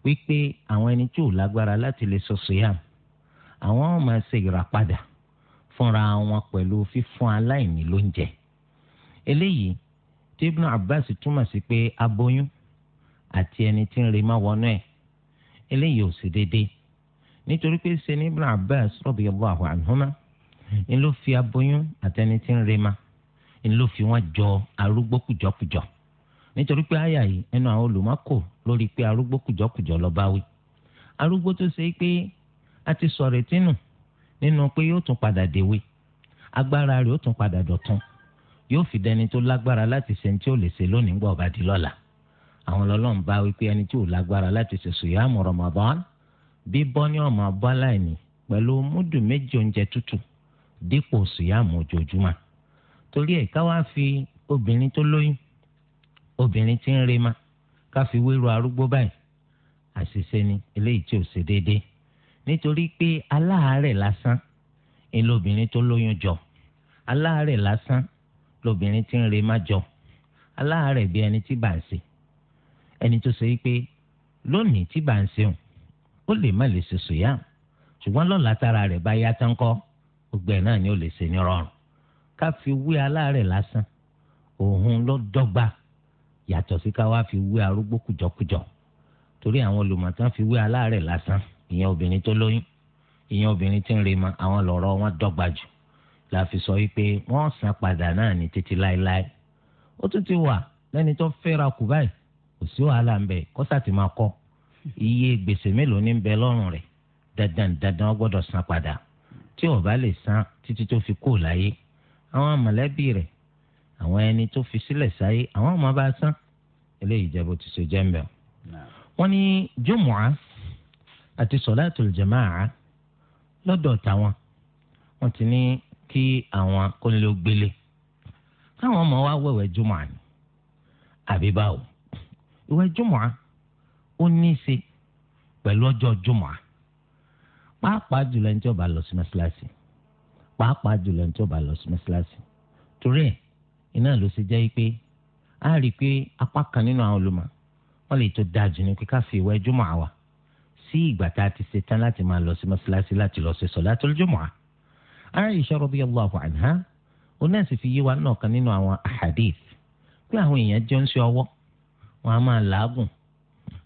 wípé àwọn ẹni tí ò lágbára láti lè sọ síyàmù àwọn máa ṣe ìràpadà fúnra wọn pẹ̀lú fífún aláìní lóúnjẹ eléyìí tí Ibn Abbas túmọ̀ sí pé aboyún àti ẹni tí ń re má wọnú ẹ̀ eléyìí ò sí déédéé nítorí pé ṣe ní Ibn Abbas radiyallahu anhuma ń ló fi aboyún àti ẹni tí ń re má ń ló fi wọn jọ arúgbó kùjọkùjọ nítorí pé àyà yìí ẹnu àwọn olùmọ́kò lórí pé arúgbó kùjọkùjọ lọ bá wí arúgbó tó ṣe pé a ti sọ̀rọ̀ tínú nínú pé yóò tún padà dèwe agbára rẹ̀ yóò tún padà dọ̀tún yóò fi dẹni tó lágbára láti ṣe ní tí ó lè ṣe lónìí gbọ́ ọ̀bàdì lọ́la àwọn lọ́lọ́run bá wípé ẹni tí ò lágbára láti ṣẹ̀ṣọ̀ yá àmọ̀ Ramadan bíbọ́ ní ọmọ ọba láìní pẹ̀lú múdù méjì oúnjẹ tútù dípò sùyàmù ojoojúmọ́ torí ẹ̀ ká wá fi obìnrin tó lóyún obìnrin tí ń rema ká fi wéru arúgbó báyìí àṣìṣe ni eléyìí tí ò ṣe déédéé nítorí pé aláàárẹ̀ lásán ni lóbìnrin tó lóyún jọ aláàárẹ̀ lásán lóbìnrin tí ń rema jọ aláàárẹ̀ bí ẹni tí bá ń ṣe ẹni tó sọ yìí pé lónìí tí bá ń ṣeun ó lè má lè ṣe sòyà ṣùgbọ́n lọ́la tára rẹ̀ bá yá tán kọ́ gbogbo ẹ̀ náà ni ó lè ṣe ní rọrùn ká fi wé aláàárẹ̀ lásán òun ló dọ́gba yàtọ̀ sí ká wá fi wé arúgbó kùjọkùjọ torí àwọn olùmọ̀tán fi wé aláàárẹ̀ lásán ìyẹn obìnrin tó lóyún ìyẹn obìnrin tí ń re ma àwọn lọ́rọ̀ wọn dọ́gba jù la fi sọ wípé wọ́n san padà náà ní títí láéláé ó tún ti wà lẹ́ni tó fẹ́ra kù báyìí kò sí wàhálà ń bẹ kọ́sà ti máa kọ́ iye gbèsè mélòó ní bẹ lọ́rùn rẹ̀ dandan dandan gbọ́dọ̀ san padà tí ó bá lè san títí tó fi kú láyé àwọn mọ̀lẹ́bí rẹ̀ àwọn ẹni tó fi sílẹ̀ sáyé àwọn ọmọ bá san eléyìí jẹ́ bó ti ṣe jẹ́ ń wọ́n ní jùmùá àti sọ̀láàtùl jàmáà lọ́dọ̀ táwọn wọ́n ti ní kí àwọn kónílógbélé káwọn ọmọ wa wẹ̀wẹ̀ jùmùá ni àbí báwo ìwẹ̀ jùmọ̀á ó ní í ṣe pẹ̀lú ọjọ́ jùmọ̀á pàápàá jùlọ ẹni tí ó bá lọ sí mẹ́sàlásì pàápàá jùlọ ẹni tí ó bá lọ sí mẹ́sàlásì torí ẹ̀ iná ló ṣe jẹ́ pé a rí i pé apá kan nínú àwọn olùmọ̀ wọ́n lè tó dáa ní pé ká fi ìwẹ̀ jùmọ̀á wa sí ìgbà tá a ti ṣe tán láti máa lọ sí mọ́ṣáláṣí láti lọ ṣe sọ̀látul jumu'ah. Aisha radiyallahu anha onáà sì fi yé wa náà kan nínú àwọn ahadith pé àwọn èèyàn jẹun sí ọwọ́ wọn á máa làágùn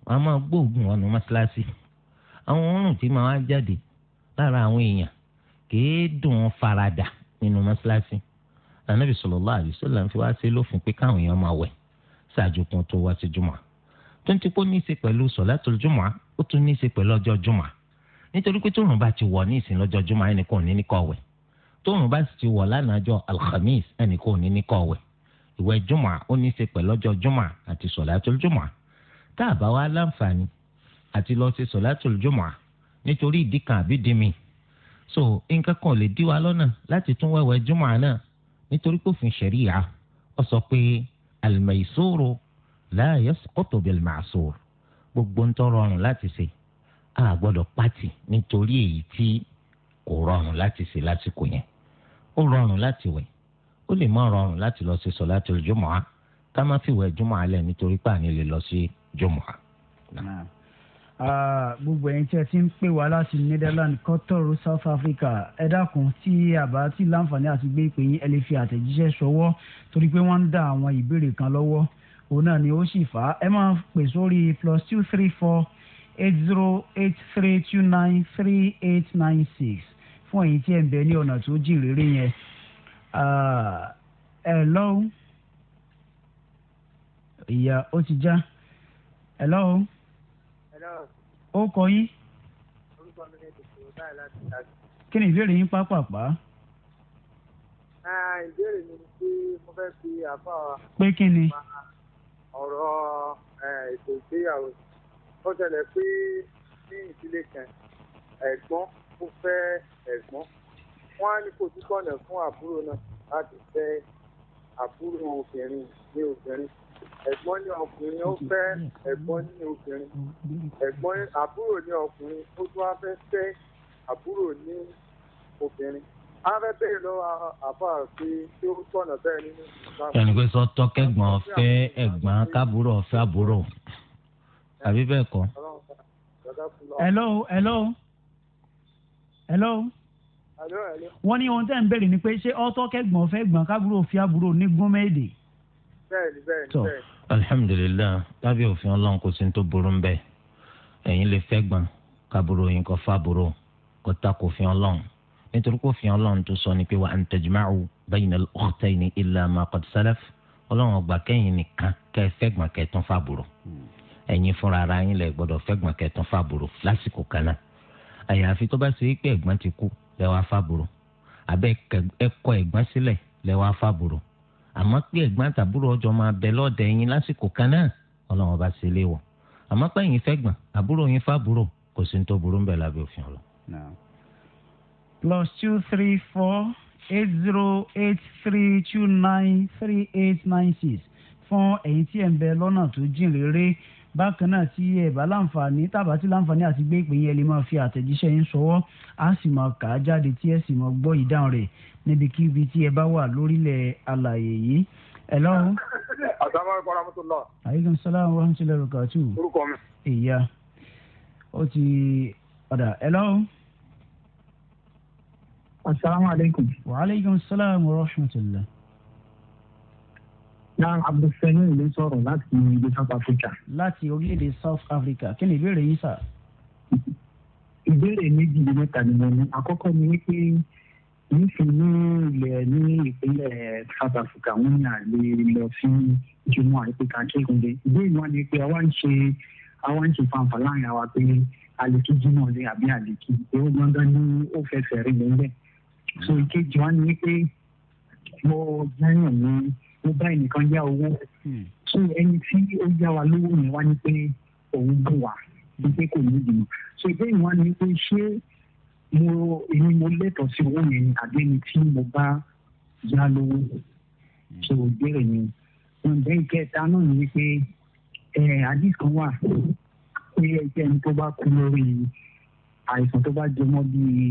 wọn á máa gbóògùn ọ̀nà mọ́ṣáláṣí àwọn òórùn tí máa wá jáde lára àwọn èèyàn kìí dùn faradà nínú mọ́ṣáláṣí ànábì sallallahu alaihi wasallam fi wá sí lófin pé káwọn èèyàn máa wẹ̀ ṣáájú kan tó wá sí jùmọ̀ tó ń ti pọ́ ní í ṣe pẹ̀lú sọ̀látùl jùmọ̀ ó tún ní í ṣe pẹ̀lú ọjọ́ jùmọ̀ nítorí pé tóòrùn bá ti wọ̀ ní ìsìn lọ́jọ́ jùmọ̀ ẹnì kan ò ní ní kó wẹ̀ tóòrùn bá ti wọ̀ lánàájọ́ alhamis ẹnì kan ò ní ní kó ìwẹ̀ jùmọ̀ ó ní í ṣe pẹ̀lú ọjọ́ jùmọ̀ àti sọ̀látùl jùmọ̀ tá a bá wá láǹfààní àti lọ sí sọ̀látùl jùmọ̀ nítorí ìdí kan àbí ìdí mi so nǹkan kan ò lè dí wa lọ́nà láti tún wẹ̀wẹ̀ jùmọ̀ náà nítorí pé òfin ṣẹ̀ríyà ó sọ pé al-maysūru lā yasqutu bil-ma'sūr gbogbo ń tó rọrùn láti ṣe a gbọ́dọ̀ pàtì nítorí èyí tí kò rọrùn láti ṣe lásìkò yẹn ó rọrùn láti wẹ̀ ó lè má rọrùn láti lọ sí sọ̀látùl jumu'a ká má fìwẹ̀ jumu'a lẹ̀ nítorí pàní lè lọ sí jumu'a. gbogbo ẹ̀yin tí ẹ ti ń pè wá láti Netherlands Qatar South Africa ẹ dákun tí àbá tí láǹfààní àti gbé ìpè yín ẹ lè fi àtẹ̀jíṣẹ́ ṣọwọ́ torí pé wọ́n ń dá àwọn ìbéèrè kan lọ́wọ́ òun náà ni ó sì fà á ẹ máa pè sórí plus two three four eight zero eight three two nine three eight nine six fún ẹ̀yin tí ẹ ń bẹ ní ọ̀nà tó jìn réré yẹn ẹ uh, lọ́wọ́ ìyá ó ti já ẹ lọ́wọ́ ó kọ yín. kí ni ìbéèrè yín pápápá. Ah, ìbéèrè mi ni pé mo fẹ́ fi àbá. pé kí ni. ọ̀rọ̀ eh, ètò ìgbéyàwó ó ṣẹlẹ̀ pé ní ìdílé kan ẹ̀gbọ́n ó fẹ́ ẹ̀gbọ́n wọ́n á ní kò sí kọ̀nà fún àbúrò náà láti fẹ́ àbúrò obìnrin ní obìnrin ẹ̀gbọ́n ní ọkùnrin ó fẹ́ ẹ̀gbọ́n ní obìnrin ẹ̀gbọ́n àbúrò ní ọkùnrin ó tún á fẹ́ fẹ́ àbúrò ní obìnrin á fẹ́ bẹ́ẹ̀ lọ́wọ́ àbá pé tí ó tọ̀nà bẹ́ẹ̀ nínú ìgbà. ẹnì pé sọ tọkẹgbọn fẹ́ ẹ̀gbọ́n kábúrò fẹ́ àbúrò àbí bẹ́ẹ̀ kọ́. hello hello hello wọ́n ní ohun tẹ́ ń bèrè ni pé ṣé ọ́tọ́ kẹ́gbọ̀n fẹ́ gbọ̀n kábúrò fi àbúrò ní gúnmẹ́ẹ̀dì. bẹ́ẹ̀ni bẹ́ẹ̀ni bẹ́ẹ̀ni. alhamdulilayi lábẹ́ òfin ọlọ́run kò sí ní tó burú bẹ́ẹ̀ ẹ̀yin lè fẹ́ gbọ̀n kábúrò yín kọ́ fábúrò kọ́ ta kò fi ọlọ́run nítorí kò fi ọlọ́run tó sọ ni pé wa an tajma'u bayna al-ukhtayni illa ma qad salaf ọlọ́run ọgbà kẹ́yìn nìkan kẹ́ fẹ́ gbọ̀n kẹ́ tún fábúrò ẹ̀yin fúnra ara yín lẹ gbọ́dọ̀ fẹ́ gbọ̀n kẹ́ tún fábúrò lásìkò kan àyàfi tó bá ṣe é pé ẹ̀gbọ́n ti kú lẹ́wọ́ afábùrò àbẹ́ ẹ̀kọ́ ẹ̀gbọ́n sílẹ̀ lẹ́wọ́ afábùrò àmọ́ pé ẹ̀gbọ́n tàbúrò ọjọ́ máa bẹ lọ́ọ̀dẹ̀ yín lásìkò kan náà ọlọ́run ọba sì léwọ̀ àmọ́ pé ẹ̀yin fẹ́ gbọ̀n àbúrò yín fábùrò kò sí ní tó burú ń lábẹ́ òfin ọlọ. plus two three four eight zero eight three two nine three eight nine six fún ẹ̀yin tí ẹ̀ ń bẹ lọ́nà tó jìn réré bákan náà tí ẹ bá láǹfààní tàbá tí láǹfààní àti gbé ìpè yẹn lè máa fi àtẹ̀jíṣẹ́ yín ṣọwọ́ á sì máa kà á jáde tí ẹ sì máa gbọ́ ìdáhùn rẹ̀ níbikíbi tí ẹ bá wà lórílẹ̀ àlàyé yìí. ẹ lọ́wọ́. àtàwọn ọmọ ọmọ tó lọ. aleykum salaam wa rahmatulahi wa barakatuh. orúkọ mi. ìyá ó ti padà ẹ lọ́wọ́. asalaamualeykum. wa aleykum salaam wa rahmatulahi na abdulsalim ló sọ̀rọ̀ láti ìlú south africa. láti orílẹ̀-èdè south africa kí ni ìbéèrè yìí sà. ìbéèrè méjì ló mẹ́ta ni mo ní àkọ́kọ́ ni wípé nífi ní ilẹ̀ ní ìpínlẹ̀ south africa wọ́n ní àlè lọ sí jùmọ̀ àìpé kàkékùnlé ìbéèrè wọn ni pé àwa ń ṣe àwa ń ṣe fanfà láàrin àwa pé àlèkí jùmọ̀ lé àbí àlèkí èwo gbọ́ngàn ni ó fẹsẹ̀ rí lẹ́ńdẹ̀ so ìkejì wọn ni pé mo jẹ́yàn ní mo bá ẹnìkan yá owó hmm. so ẹni tí ó yá wa lówó ni wá ní pé òun bù wá ní kò ní ìdùnnú so ìgbé ìwọ̀n ni pé ṣé mo èmi mo lẹ́tọ̀ọ́ sí owó yẹn ni àbí ẹni tí mo bá yá lówó hmm. so ìbéèrè yẹn ǹjẹ́ ìkẹta náà ni pé ẹ̀ eh, àdìs kan wà pé ẹgbẹ́ ẹni tó bá kú lórí yìí àìsàn tó bá jẹmọ́ bíi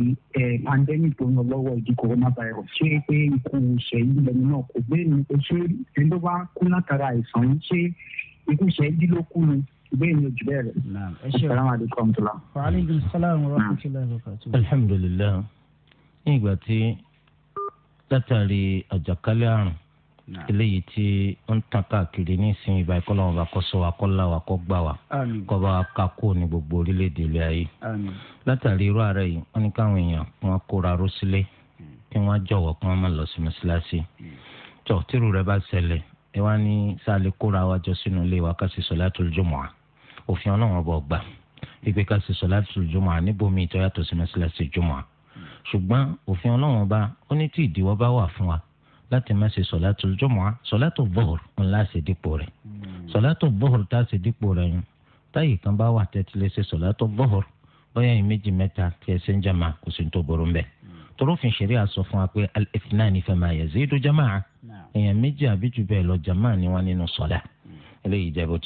pandemic tó ń lọ lọ́wọ́ ìdí coronavirus ṣé pé ikú ṣẹyìn lẹnu náà kò gbé ní o ṣé ẹni tó bá kú látara àìsàn yìí ṣé ikú ṣẹyìn ló kú ni bẹ́ẹ̀ ni ojú bẹ́ẹ̀ rẹ̀. ẹ ṣe ọ̀rọ̀ àwọn àdìkọ́ ọ̀hún tó la. wa alaikum salaam wa rahmatullahi wa barakatuh. alhamdulilayi ní ìgbà tí látàrí àjàkálẹ̀ àrùn eléyìí tí ó ń tàn káàkiri nísìnyí báyìí kọ́ làwọn bá kọ́ sọ wa kọ́ là wa kọ́ gbà wa kọ́ bá wa ká kó ní gbogbo orílẹ̀-èdè ilé ayé látàrí irú ààrẹ yìí wọ́n ní káwọn èèyàn wọn kóra ró sílé kí wọ́n jọ̀wọ́ kí wọ́n má lọ sí mọ́ṣáláṣí tó tírù rẹ bá ṣẹlẹ̀ ẹ wá ní sáàlì kóra wa jọ sínú ilé wa ká sì solatul jumu'a òfin ọlọ́run ọba ọgbà pípé ká sì solatul jumu'a níbòmí ìtọ́yàtọ̀ sí mọ́ṣáláṣí jumu'a ṣùgbọ́n òfin ọlọ́run ọba ó ní tí ìdíwọ́ bá wà fún wa láti má ṣe sọ̀látò jọ̀mọ́á sọ̀látò bọ́ọ̀rù ńlá ṣe dípò rẹ̀ hmm. sọ̀látò bọ́ọ̀rù tá a ṣe dípò rẹ̀ yẹn táyì kan bá wà tẹ́tí lè ṣe sọ̀látò bọ́ọ̀rù bóyá yìí méjì mẹ́ta tí ẹ ṣe ń jàmá kò sí tó burú mbẹ́ hmm. torófin ṣeré àsọ fún wa pé al-ithnani fama yazidu jama'a èèyàn méjì àbí jù bẹ́ẹ̀ lọ jàmá ni wọ́n nínú sọ̀lá hmm. eléyìí jẹ́ bó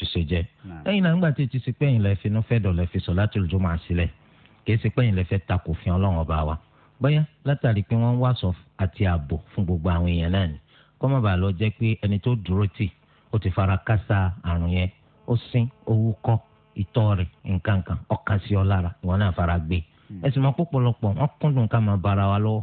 àti ààbò fún gbogbo àwọn èèyàn náà ni kó má bàa lọ jẹ́ pé ẹni tó dúró tì ó ti fara kásá àrùn yẹn ó sín owó kọ́ ìtọ̀ rẹ̀ nǹkan kan ọkàn sí ọ lára ìwọ náà fara gbé hmm. ẹsùn máa pọ̀pọ̀lọpọ̀ wọn kúndùn ká máa bára wa lọ́wọ́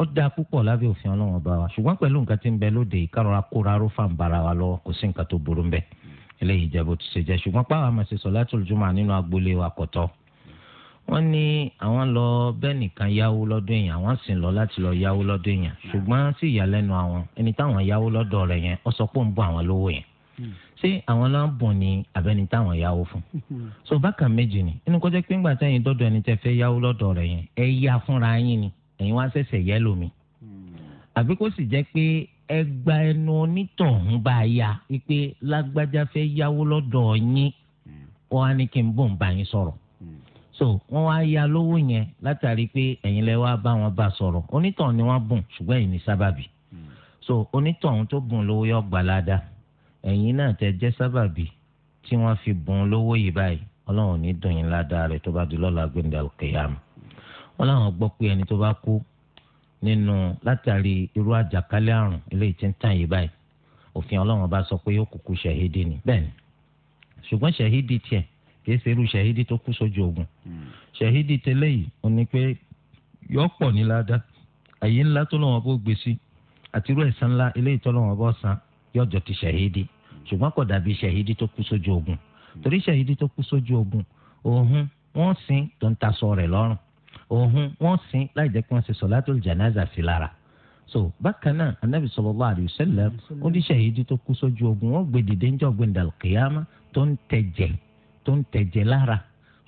ó dáa púpọ̀ lábẹ́ òfin ọlọ́wọ́n bá wa ṣùgbọ́n pẹ̀lú nǹkan tí ń bẹ lóde ìkárọ̀ra kóra rófà ń bára wa lọ́wọ́ kò sí nǹkan tó burú ń bẹ hmm. eléyìí jẹ́ ti ṣe jẹ́ ṣùgbọ́n pàwọn àmọ̀ ṣe sọ̀látùl jùmọ̀ nínú agboolé wa kọ̀tọ́ wọ́n ní àwọn lọ bẹ́ẹ̀ nìkan yáwó lọ́dọ̀ èèyàn àwọn sì lọ láti lọ yáwó lọ́dọ̀ èèyàn ṣùgbọ́n sí ìyàlẹ́nu àwọn ẹni táwọn yáwó lọ́dọ̀ rẹ̀ yẹn ó sọ pé ń bọ́ àwọn lówó yẹn hmm. ṣé àwọn ló bùn ní abẹ́ni táwọn yáwó fún hmm. so bákan méjì ni inú kọjá pé ńgbà tẹ́yìn dọ́dọ̀ ẹni tẹ́ fẹ́ yáwó lọ́dọ̀ rẹ̀ yẹn ẹ yá fúnra yín ni ẹ̀yin wá ṣẹ̀ṣẹ̀ yẹ́ lómi hmm. àbí kó sì jẹ́ pé ẹgba ẹnu onítọ̀hún bá ya wípé lágbájá fẹ́ yáwó lọ́dọ̀ yín wọ́n á ní kí n bò bá yín sọ̀rọ̀ so wọ́n wá ya lówó yẹn látàrí pé ẹ̀yin lẹ wá bá wọn bá sọ̀rọ̀ onítàn ni wọ́n bùn ṣùgbọ́n ẹ̀yin ní sábàbí so onítàn tó bùn lówó yọ gbàládà ẹ̀yin náà tẹ jẹ́ sábàbí tí wọ́n fi bùn lówó yìí báyìí ọlọ́run ní dùn yín ládàá rẹ̀ tó bá di lọ́la gbẹ̀ndà kẹyàmù wọn làwọn gbọ́ pé ẹni tó bá kú nínú látàrí irú àjàkálẹ̀ àrùn eléyìí tí ń tàn yìí báyìí òfin ọlọ́run bá sọ pé yóò kúkú ṣàhídì ni bẹ́ẹ̀ ni ṣùgbọ́n tiẹ̀ kìí ṣerú ṣahidi tó kú sójú ogun hmm. ṣahidi tẹ́lẹ̀ yìí ó ní pé yọ pọ̀ ní ládàá àyè ńlá tó lọ́wọ́ bó gbé sí àti irú ẹ̀san ńlá eléyìí tó lọ́wọ́ bó san yọjọ ti ṣahidi ṣùgbọ́n kò dàbí ṣahidi tó kú sójú ogun hmm. torí ṣahidi tó kú sójú ogun òhun wọ́n sin tó ń taṣọ rẹ̀ lọ́rùn òhun wọ́n sin láì jẹ́ kí wọ́n ṣe sọ̀látùl jànáza sí lára so bákan náà anabi sallallahu alayhi wa sallam ó ní ṣahidi tó kú sójú ogun wọ́n gbé dìde ńjọ́ gbẹndàlùkìyàmá tó ń tẹ̀jẹ̀ tó ń tẹ̀jẹ̀ lára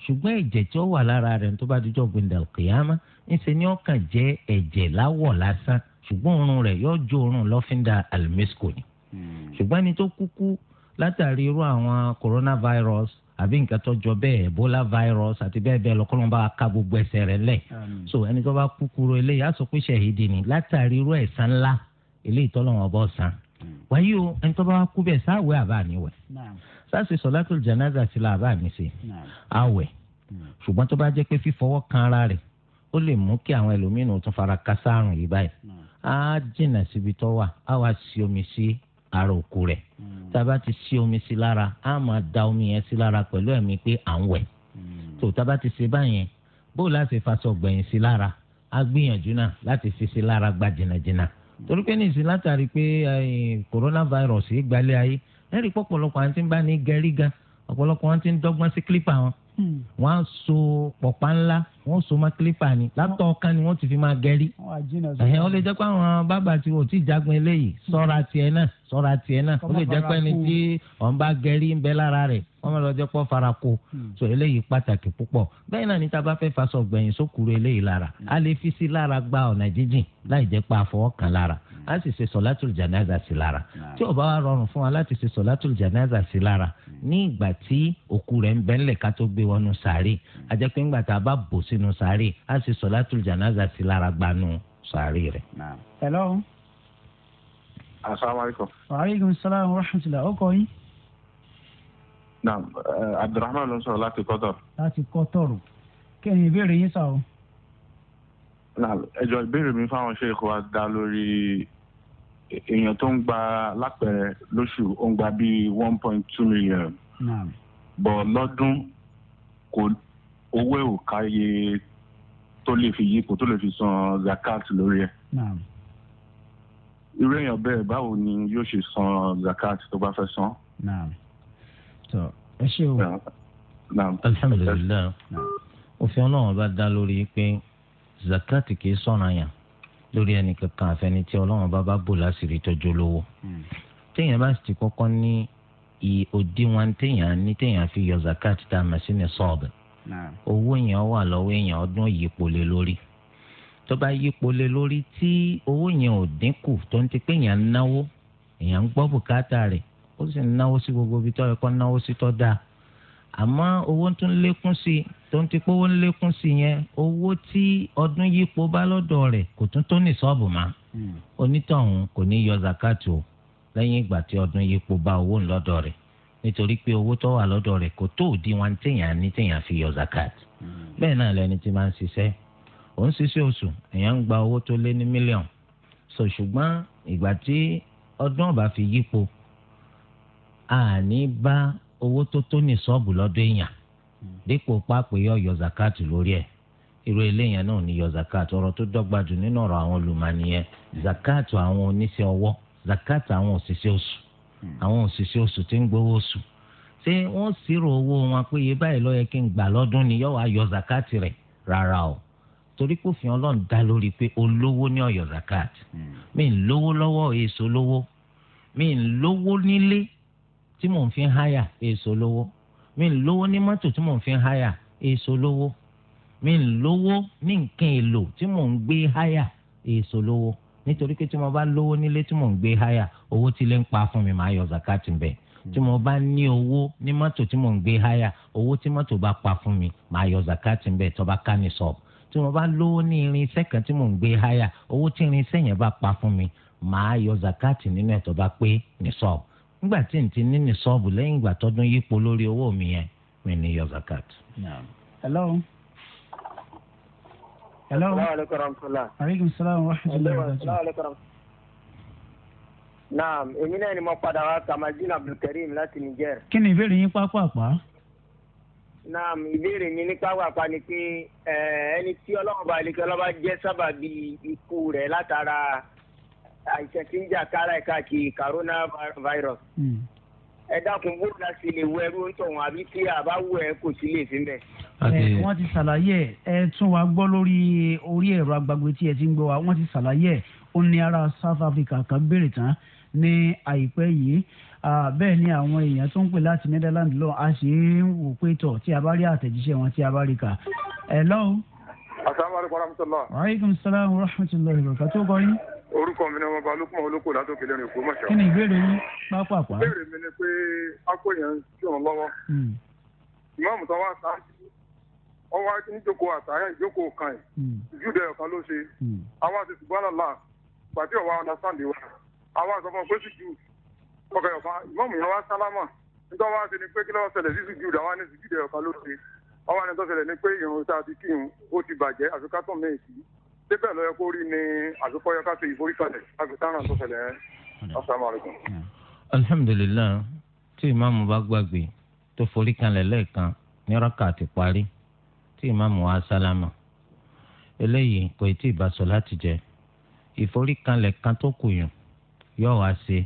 ṣùgbọ́n ẹ̀jẹ̀ tí ó wà lára rẹ̀ tó bá dijọ́ gbendal kìyàmá ńṣe ni ó kàn jẹ́ ẹ̀jẹ̀ láwọ̀ lásán ṣùgbọ́n òórùn rẹ̀ yóò jó òórùn lọ́fíńdà almesco ni. Hmm. ṣùgbọ́n ẹni tó kúkú látàrí irú àwọn coronavirus àbí nǹkan tó jọ bẹ́ẹ̀ ebola virus àti bẹ́ẹ̀ bẹ́ẹ̀ lọ́kọ́lọ́n bá ka gbogbo ẹsẹ̀ rẹ̀ lẹ̀. Hmm. so ẹni tó bá kúkúrú eléyìí á sọ pé ṣèhídì ni látàrí irú ẹ̀san ńlá eléyìí tọ́lọ́wọ́n bọ́ san. Hmm. wáyé o ẹni tó bá kú bẹ́ẹ̀ sáwẹ́ àbá àníwẹ̀ sáàsì sọlátùl janaza sí la àbá mi ṣe àwẹ̀ ṣùgbọ́n tó bá jẹ́ pé fífọwọ́ kan ara rẹ̀ ó lè mú kí àwọn ẹlòmíràn tún fara kásá àrùn yìí báyìí á jìnnà síbi tó wà á wá sí omi sí ara òkú rẹ̀ tába ti sí omi sí lára á máa da omi yẹn sí lára pẹ̀lú ẹ̀mí pé à ń wẹ̀ tó tába ti ṣe báyẹn bó láti faṣọ gbẹ̀yìn sí lára á gbìyànjú náà láti fi sí lára gba jìnnàjìnnà torí pé ní ìsìn látàrí pé coronavirus gbalẹ̀ ayé ẹ̀rí pọ̀pọ̀lọpọ̀ àti bá ní gẹ̀rí gan ọ̀pọ̀lọpọ̀ wọn ti ń dọ́gbọ́n sí kílípà wọn hmm. wọn á so pọ̀pá ńlá wọn so má kílípà ni látọ̀ ọ̀kan ni wọ́n ti fi máa gẹ̀rí ẹ̀hìn o lè jẹ́ pé àwọn bàbá tí o ti jagun eléyìí sọ́ra tiẹ̀ náà sọ́ra tiẹ̀ náà ó lè jẹ́ pé ẹni tí wọ́n bá gẹ̀rí ń bẹ lára rẹ̀ wọ́n máa lọ jẹ́ pọ́ farako hmm. so eléyìí pàtàkì púpọ̀ bẹ́ẹ̀ náà níta bá fẹ́ fasọ̀ gbẹ̀yìn sókùrú eléyìí lára a lè fi sí lára gba ọ̀nà jíjìn láì jẹ́ pé àfọwọ́ kan lára a sì ṣe sọ̀látùl janaza sí lára tí ó bá wá rọrùn fún wa láti ṣe sọ̀látùl janaza sí lára ní ìgbà tí òkú rẹ̀ ń bẹ́ńlẹ̀ ká tó gbé wọnú sàárè a jẹ́ pé ńgbà tá a bá bò sínú sàárè a sì sọ̀látùl janaza sí lára gbanú sàárè rẹ̀. hello. asalaamualeykum. wa aleykum salaam wa rahmatulah ọkọ yín. naam eh, abdulrahman ló ń sọ̀rọ̀ láti kọ́tọ̀rù. láti kọ́tọ̀rù kí ìbéèrè yín sá o ẹjọ ìbéèrè mi fáwọn ṣe ìkọ́ dá lórí èèyàn tó ń gba lápẹ̀rẹ̀ lóṣù ó ń gba bíi one point two million bọ̀ lọ́dún kò owó ẹ̀ ò káyé tó lè fi yípo tó lè fi san zakat lórí ẹ̀ irú èèyàn bẹ́ẹ̀ báwo ni yóò ṣe san zakat tó bá fẹ́ san. tó ẹ ṣe o alhamdulilayi òfin ọlọ́run bá dá lórí pé zakati kì í sọ̀ràn yàn lórí ẹnì kankan àfẹni tí ọlọ́run bá bá bò láṣìírí tọ́jú lówó. Hmm. téèyàn bá sì ti kọ́kọ́ ní òdiwọ̀n téèyàn ní téèyàn fi yọ zakati tá a mọ̀ sí ní sọ́ọ̀bù. owó yẹn wà lọ́wọ́ èèyàn ọdún yípo lé lórí. tó bá yípo lé lórí tí owó yẹn ò dínkù tó ń ti pé èèyàn náwó èèyàn ń gbọ́ bùkátà rẹ̀ ó sì ń náwó sí gbogbo ibi tó yẹ kó náwó sí tó dáa àmọ́ owó tó ń lékún sí i tó ń ti pówó ń lékún sí i yẹn owó tí ọdún yípo bá lọ́dọ̀ rẹ̀ kò tún tó ní sọ́ọ̀bù mọ́ hmm. onítọ̀hún kò ní yọ zakatu lẹ́yìn ìgbà tí ọdún yípo bá owó lọ́dọ̀ rẹ̀ nítorí pé owó tó wà lọ́dọ̀ rẹ̀ kò tó di wọn téèyàn ní téèyàn fi yọ zakat hmm. bẹ́ẹ̀ náà lẹni tí máa ń ṣiṣẹ́ ò ń ṣiṣẹ́ oṣù èèyàn ń gba owó tó lé ní mílíọ̀n so ṣùgbọ́n ìgbà tí ọdún ọba fi yípo àní bá owó tó tó ní sọ́ọ̀bù lọ́dọ̀ èèyàn dípò pápẹ́ yọ yọ zakat lórí ẹ̀ irú eléyàn náà ní yọ zakat ọ̀rọ̀ tó dọ́gba jù nínú ọ̀rọ̀ àwọn olùmọ̀nìyẹn zakat àwọn oníṣẹ́ ọwọ́ zakat àwọn òṣìṣẹ́ oṣù àwọn òṣìṣẹ́ oṣù tí ń gbowó oṣù ṣé wọ́n ṣírò owó wọn pé iye báyìí ló yẹ kí n gbà lọ́dún ni yọ wá yọ zakat rẹ̀ rárá o torí kò fi ọlọ́run dá lórí pé tí mò ń fi háyà èso lówó mi ń lówó ní mọ́tò tí mò ń fi háyà èso lówó mi ń lówó ní nǹkan èlò tí mò ń gbé háyà èso lówó nítorí pé tí mo bá lówó nílé tí mò ń gbé háyà owó tí lè ń pa fún mi màá yọ zakati bẹ́ẹ̀ tí mo bá ní owó ní mọ́tò tí mò ń gbé háyà owó tí mọ́tò bá pa fún mi màá yọ zakati bẹ́ẹ̀ tó bá ká ní sọ́ọ̀bù tí mo bá lówó ní irinṣẹ́ kan tí mò ń gbé háyà owó tí irinṣẹ́ yẹn bá pa fún mi màá yọ zakati nínú ẹ̀ tó bá pé ní sọ́ọ̀bù nígbà tí n ti ní ní sọ́ọ̀bù lẹ́yìn ìgbà tọdún yípo lórí owó mi yẹn mi ní yọ zakat. hello. hello. aleykum salaam wa rahmatulah. naam èmi náà ni mo padà wá kamaldin abdulkareem láti niger. kí ni ìbéèrè yín pápápá. naam ìbéèrè mi ní pápápá ni pé eh, ẹni tí ọlọ́run bá lè jẹ́ sábàbí ikú rẹ̀ látara àìsàn tí ń jà kára ẹ̀ káàkiri coronavirus. Hmm. ẹ dákun bó la sì lè wẹ ẹrú ntọ̀hún àbí tí a bá wù ẹ kò sí lè fi mẹ́. wọ́n ti ṣàlàyé ẹ tún wa gbọ́ lórí orí ẹ̀rọ agbagbe tí ẹ ti ń gbọ́ wa wọ́n ti ṣàlàyé ó ní ará South Africa kan béèrè tán ní àìpẹ́ yìí bẹ́ẹ̀ ni àwọn èèyàn tó ń pè láti Netherlands lọ a sì ń wò pé tọ̀ tí a bá rí àtẹ̀jíṣẹ́ wọn tí a bá rí kà. hello. asalaamualeykum wa rahmatulah. wa aleykum wa rahmatulah. ìrọ̀kà tó kọ yín. orúkọ mi ni wọn bá lókun olóko látòkè lẹ́nu Ògbómọ̀ṣọ́. kí ni ìbéèrè yín pápákọ̀. ìbéèrè mi ni pé akóyàn ń sùn lọ́wọ́. Hmm. ìmọ̀ọ́mù tó wá sá ọwọ́ níjókòó àtàyàn kan yìí ìjúde hmm. ọ̀kan ló ṣe hmm. àwa ti ṣùgbọ́n àlá pàtí ọ̀wá ọ̀nàsàndì wa àwa sọ fún pé ọkọ̀ yẹn wá sálámà nítorí wá ni pé kí lọ́wọ́ débẹ̀ lọ́yẹ kó rí ni àdúgbò yẹ ká ṣe ìforíkalẹ̀ agbẹ̀tàràn tó ṣẹlẹ̀ asalaamualeykum. alhamdulilayi tí ìmáàmù bá gbàgbé tó foríkalẹ̀ lẹ́ẹ̀kan ní rákà ti parí tí ìmáàmù wa sálámà eléyìí kò tí ì bá sọ láti jẹ ìforíkalẹ̀ kan tó kù yàn yóò wá ṣe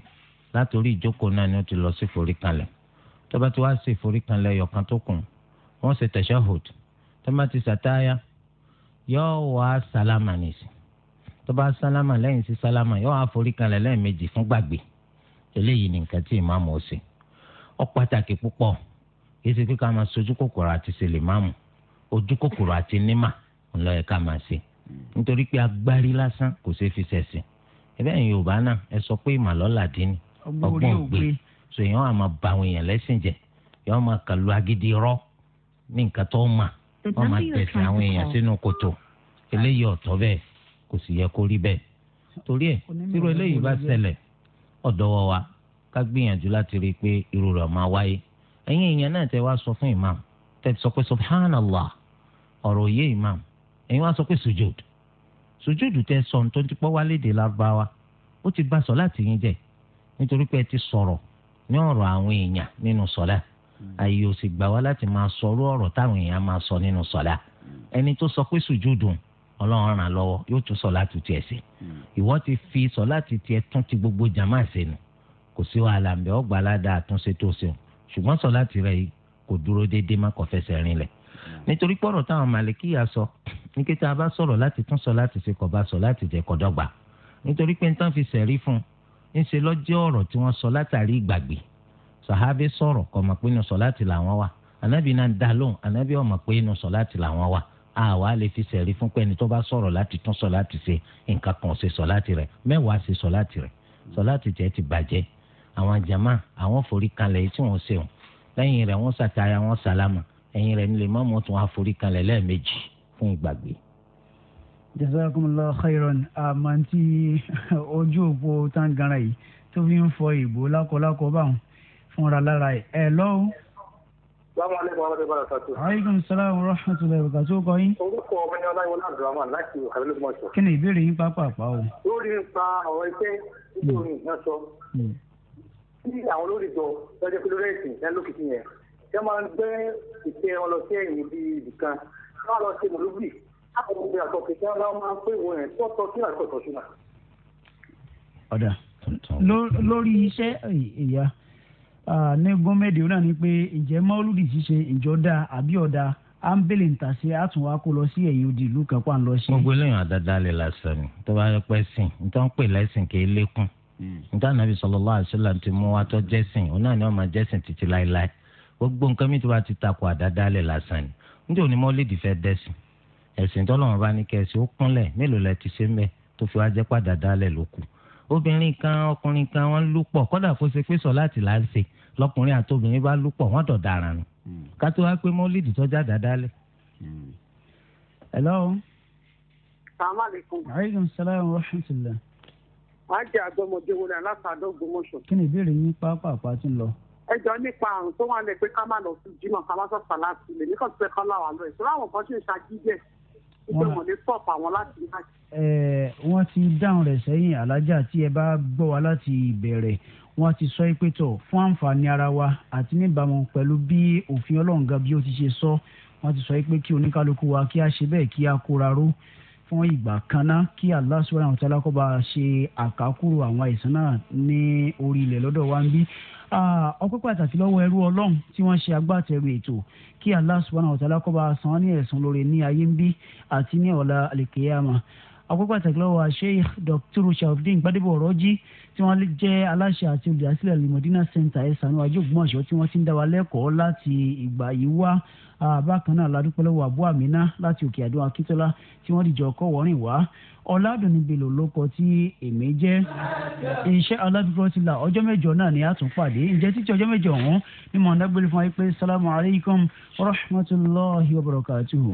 látòrí ìjókòó náà ni ó ti lọ sí ìforíkalẹ̀ tó bá ti wá sí ìforíkalẹ̀ yọ̀kan tó kù wọ́n ṣe tashahhud tó bá ti ṣàtáyà. yóò wá sálámà nìsí tó bá sálámà lẹ́yìn sí sálámà yóò wá forí lẹ́ẹ̀mejì fún gbàgbé eléyìí ni nǹkan tí ìmáàmù ó ṣe ó pàtàkì púpọ̀ kì í ṣe pé ká máa sojú kòkòrò àti ṣèlè máàmù ojú kòkòrò àti nímà ńlọ yẹ ká máa ṣe nítorí pé agbárí lásán kò ṣeé fi ṣẹ̀sìn ẹ̀bẹ̀ ẹ̀yin yorùbá náà ẹ sọ pé ìmàlọ́là dín ní ọgbọ́n ògbé so èèyàn á máa ba èèyàn lẹ́sìn jẹ èèyàn máa kàlu agidi rọ ní nǹkan tó máa wọ́n máa tẹ̀sí àwọn èèyàn sínú kòtò eléyìí ọ̀tọ̀ bẹ́ẹ̀ kò sì yẹ kó rí bẹ́ẹ̀ torí ẹ̀ tírú eléyìí bá ṣẹlẹ̀ ọ̀dọ̀ wa ká gbìyànjú láti rí i pé irú máa wáyé èèyàn náà tẹ sọ fún imam sọ pé subhanallah imam wá sọ pé sujud sujud sọ tó wálé ó ti bá sọ láti yín jẹ nítorí pé ẹ ayé ò sì gbà wá láti máa sọrú ọ̀rọ̀ táwọn èèyàn máa sọ nínú sọ̀lá ẹni tó sọ pé sùjúdùn ọlọ́run ràn lọ́wọ́ yóò tún sọ láti tiẹ̀ sí ìwọ ti fi sọ láti tiẹ̀ tún ti gbogbo jàmá sẹ́nu kò sí wàhálà ń bẹ ọgbà aládà àtúnṣe tó ṣeun ṣùgbọ́n sọ láti rẹ̀ yìí kò dúró déédéé má kọ fẹsẹ̀ rinlẹ̀ nítorí pọ̀rọ̀ táwọn màlìkíyà sọ ní kí a bá sọ̀rọ̀ láti tún sọ láti ṣe kọ̀ bá sọ láti jẹ́ kọ́ nítorí pé ń tán fi sẹ̀rí fún un ń ṣe lọ́jọ́ ọ̀rọ̀ tí wọ́n sọ látàrí ìgbàgbé sọ̀hábí sọ̀rọ̀ kọ́ mọ̀ pé inú sọ̀láàtì làwọn wà ànábì náà dá lóhùn ànábì ọ̀mọ̀ pé inú sọ̀láàtì làwọn wà àwa lè fi sẹ̀rí fún pé ẹni tó bá sọ̀rọ̀ láti tún sọ̀láàtì ṣe nǹkan kan ṣe sọ̀láàtì rẹ̀ mẹ́wàá ṣe sọ̀láàtì rẹ̀ sọ̀láàtì jẹ́ ti bàjẹ́ àwọn jama àwọn forí kanlẹ̀ tí wọ́n ṣe wọn lẹ́yìn rẹ̀ wọ́n ṣàtàyà wọ́n sàlámà ẹ̀yìn rẹ̀ nílẹ̀ mọ́mọ́ tún wá forí kanlẹ̀ lẹ́ẹ̀mejì fún ìgbàgbé. jazakumullahu khairan àmọ́ tí ojú òpó táǹgàrà yìí tó fi ń fọ ìbò lákọ̀ọ́lákọ̀ọ́ báwọn fúnra lára ẹ̀ ẹ̀ lọ́wọ́. Báwo ni wọ́n ti bára sọ́tù? Aleykum salaam wa rahmatulahi wa barakatuh kọ́ yín. Orúkọ ọmọ ẹni ọláyọ̀ náà dùn àmà láti ìkàwé ló mọ̀ sọ. Kí ni ìbéèrè yín pàápàá o? Lórí nípa ọ̀rọ̀ iṣẹ́ ìlú òní náà sọ. Bí hmm. àwọn olórí jọ lọ́jọ́ pé lórí ẹ̀sìn ní lókìtì yẹn, ṣé máa ń gbé ìṣe wọn lọ sí ẹ̀yìn bí ibìkan? Wọ́n lọ sí Mòlúbì, àwọn ọmọ ìyàtọ̀ kìkẹ́ wọn máa ní gómẹ̀dì náà ni pé ǹjẹ́ mọ́lúdì ṣíṣe ìjọ dáa àbí ọ̀dà à ń bèlè ń tàṣe á tún wá kó lọ sí ẹ̀yìn odi ìlú kan lọ ṣe. gbogbo eléyàn àdáadáa lè lásán ni tó bá pẹ́ sìn nítorí pé lẹ́sìn kì í lékún nítorí hmm. nàbì sallallahu alaihi wasallam ti mú wa tó jẹ́sìn òun náà ni wọ́n máa jẹ́sìn títí láéláé gbogbo nǹkan mi tó bá ti takò àdáadáa lè lásán ni nítorí onímọ̀ lédi fẹ́ dẹ́sìn ẹ̀sìn tọ́lọ́wọ́n bá ní kẹ́sì ó kúnlẹ̀ mélòó obìnrin kan ọkùnrin kan wọ́n lù pọ̀ kódà kó ṣe pé sọ̀láàtì là ń ṣe lọkùnrin àti obìnrin bá lù pọ̀ wọ́n dọ̀ dára nù ká tó wá pé mọ́lídì tọ́jà dáadáa lẹ̀. Hmm. hello. salaamaleykum. aleykum salaam wa rahmatulah. wàá jẹ àgbọmọdé wọlé alásàdó gbọmọṣọ. kí ni ìbéèrè yín pápá àpáti ń lọ ẹjọ nípa àrùn tó wà lẹ pé ká má lọ sí jimọ ká má sọsà láti ilé nígbà tó fẹ kọ láwà lọ ìṣúra wọ́n ti dáhùn rẹ̀ sẹ́yìn alájà tí ẹ bá gbọ́ wa láti ìbẹ̀rẹ̀ wọ́n ti sọ pé tọ̀ fún àǹfààní ara wa àti níbàámu pẹ̀lú bí òfin ọlọ́run gan bí ó ti ṣe sọ wọ́n ti sọ pé kí oníkálukú wa kí a ṣe bẹ́ẹ̀ kí a kóra ró fún ìgbà kan náà kí Allah subhanahu wa ṣe àkákúrò àwọn àìsàn náà ní orí ilẹ̀ lọ́dọ̀ wa ń bí ọpẹ́ pàtàkì lọ́wọ́ ẹrú ọlọ́run tí wọ́n ṣe agbátẹrù ètò kí Allah subhanahu wa ta'ala kó ní ẹ̀sùn lóore ní ayé ń bí àti ní ọ̀la àlìkéyàmà ọpẹ́ pàtàkì lọ́wọ́ Sheikh Dr. Sharafdin Gbadebo Ọ̀rọ̀jì tí wọ́n jẹ́ aláṣẹ àti olùdásílẹ̀ Limodina Center ẹ̀sánú ajé Ògbómọ̀ṣọ́ tí wọ́n ti ń dá wa lẹ́kọ̀ọ́ láti ìgbà yìí wá bákan náà ládùúpẹ́ lọ́wọ́ Abu Amina láti Òkè Àdó Akíntola tí wọ́n dìjọ kọ́ wọ́rìn wá ọ̀làdùnní belò lóko tí èmi jẹ́ iṣẹ́ aládùúgbò ti là ọjọ́ mẹ́jọ náà ni a tún pàdé ǹjẹ́ títí ọjọ́ mẹ́jọ ọ̀hún ni mọ̀ọ́dá gbélé fún wa pé salamu alaykum wa rahmatulahi wa barakatuhu.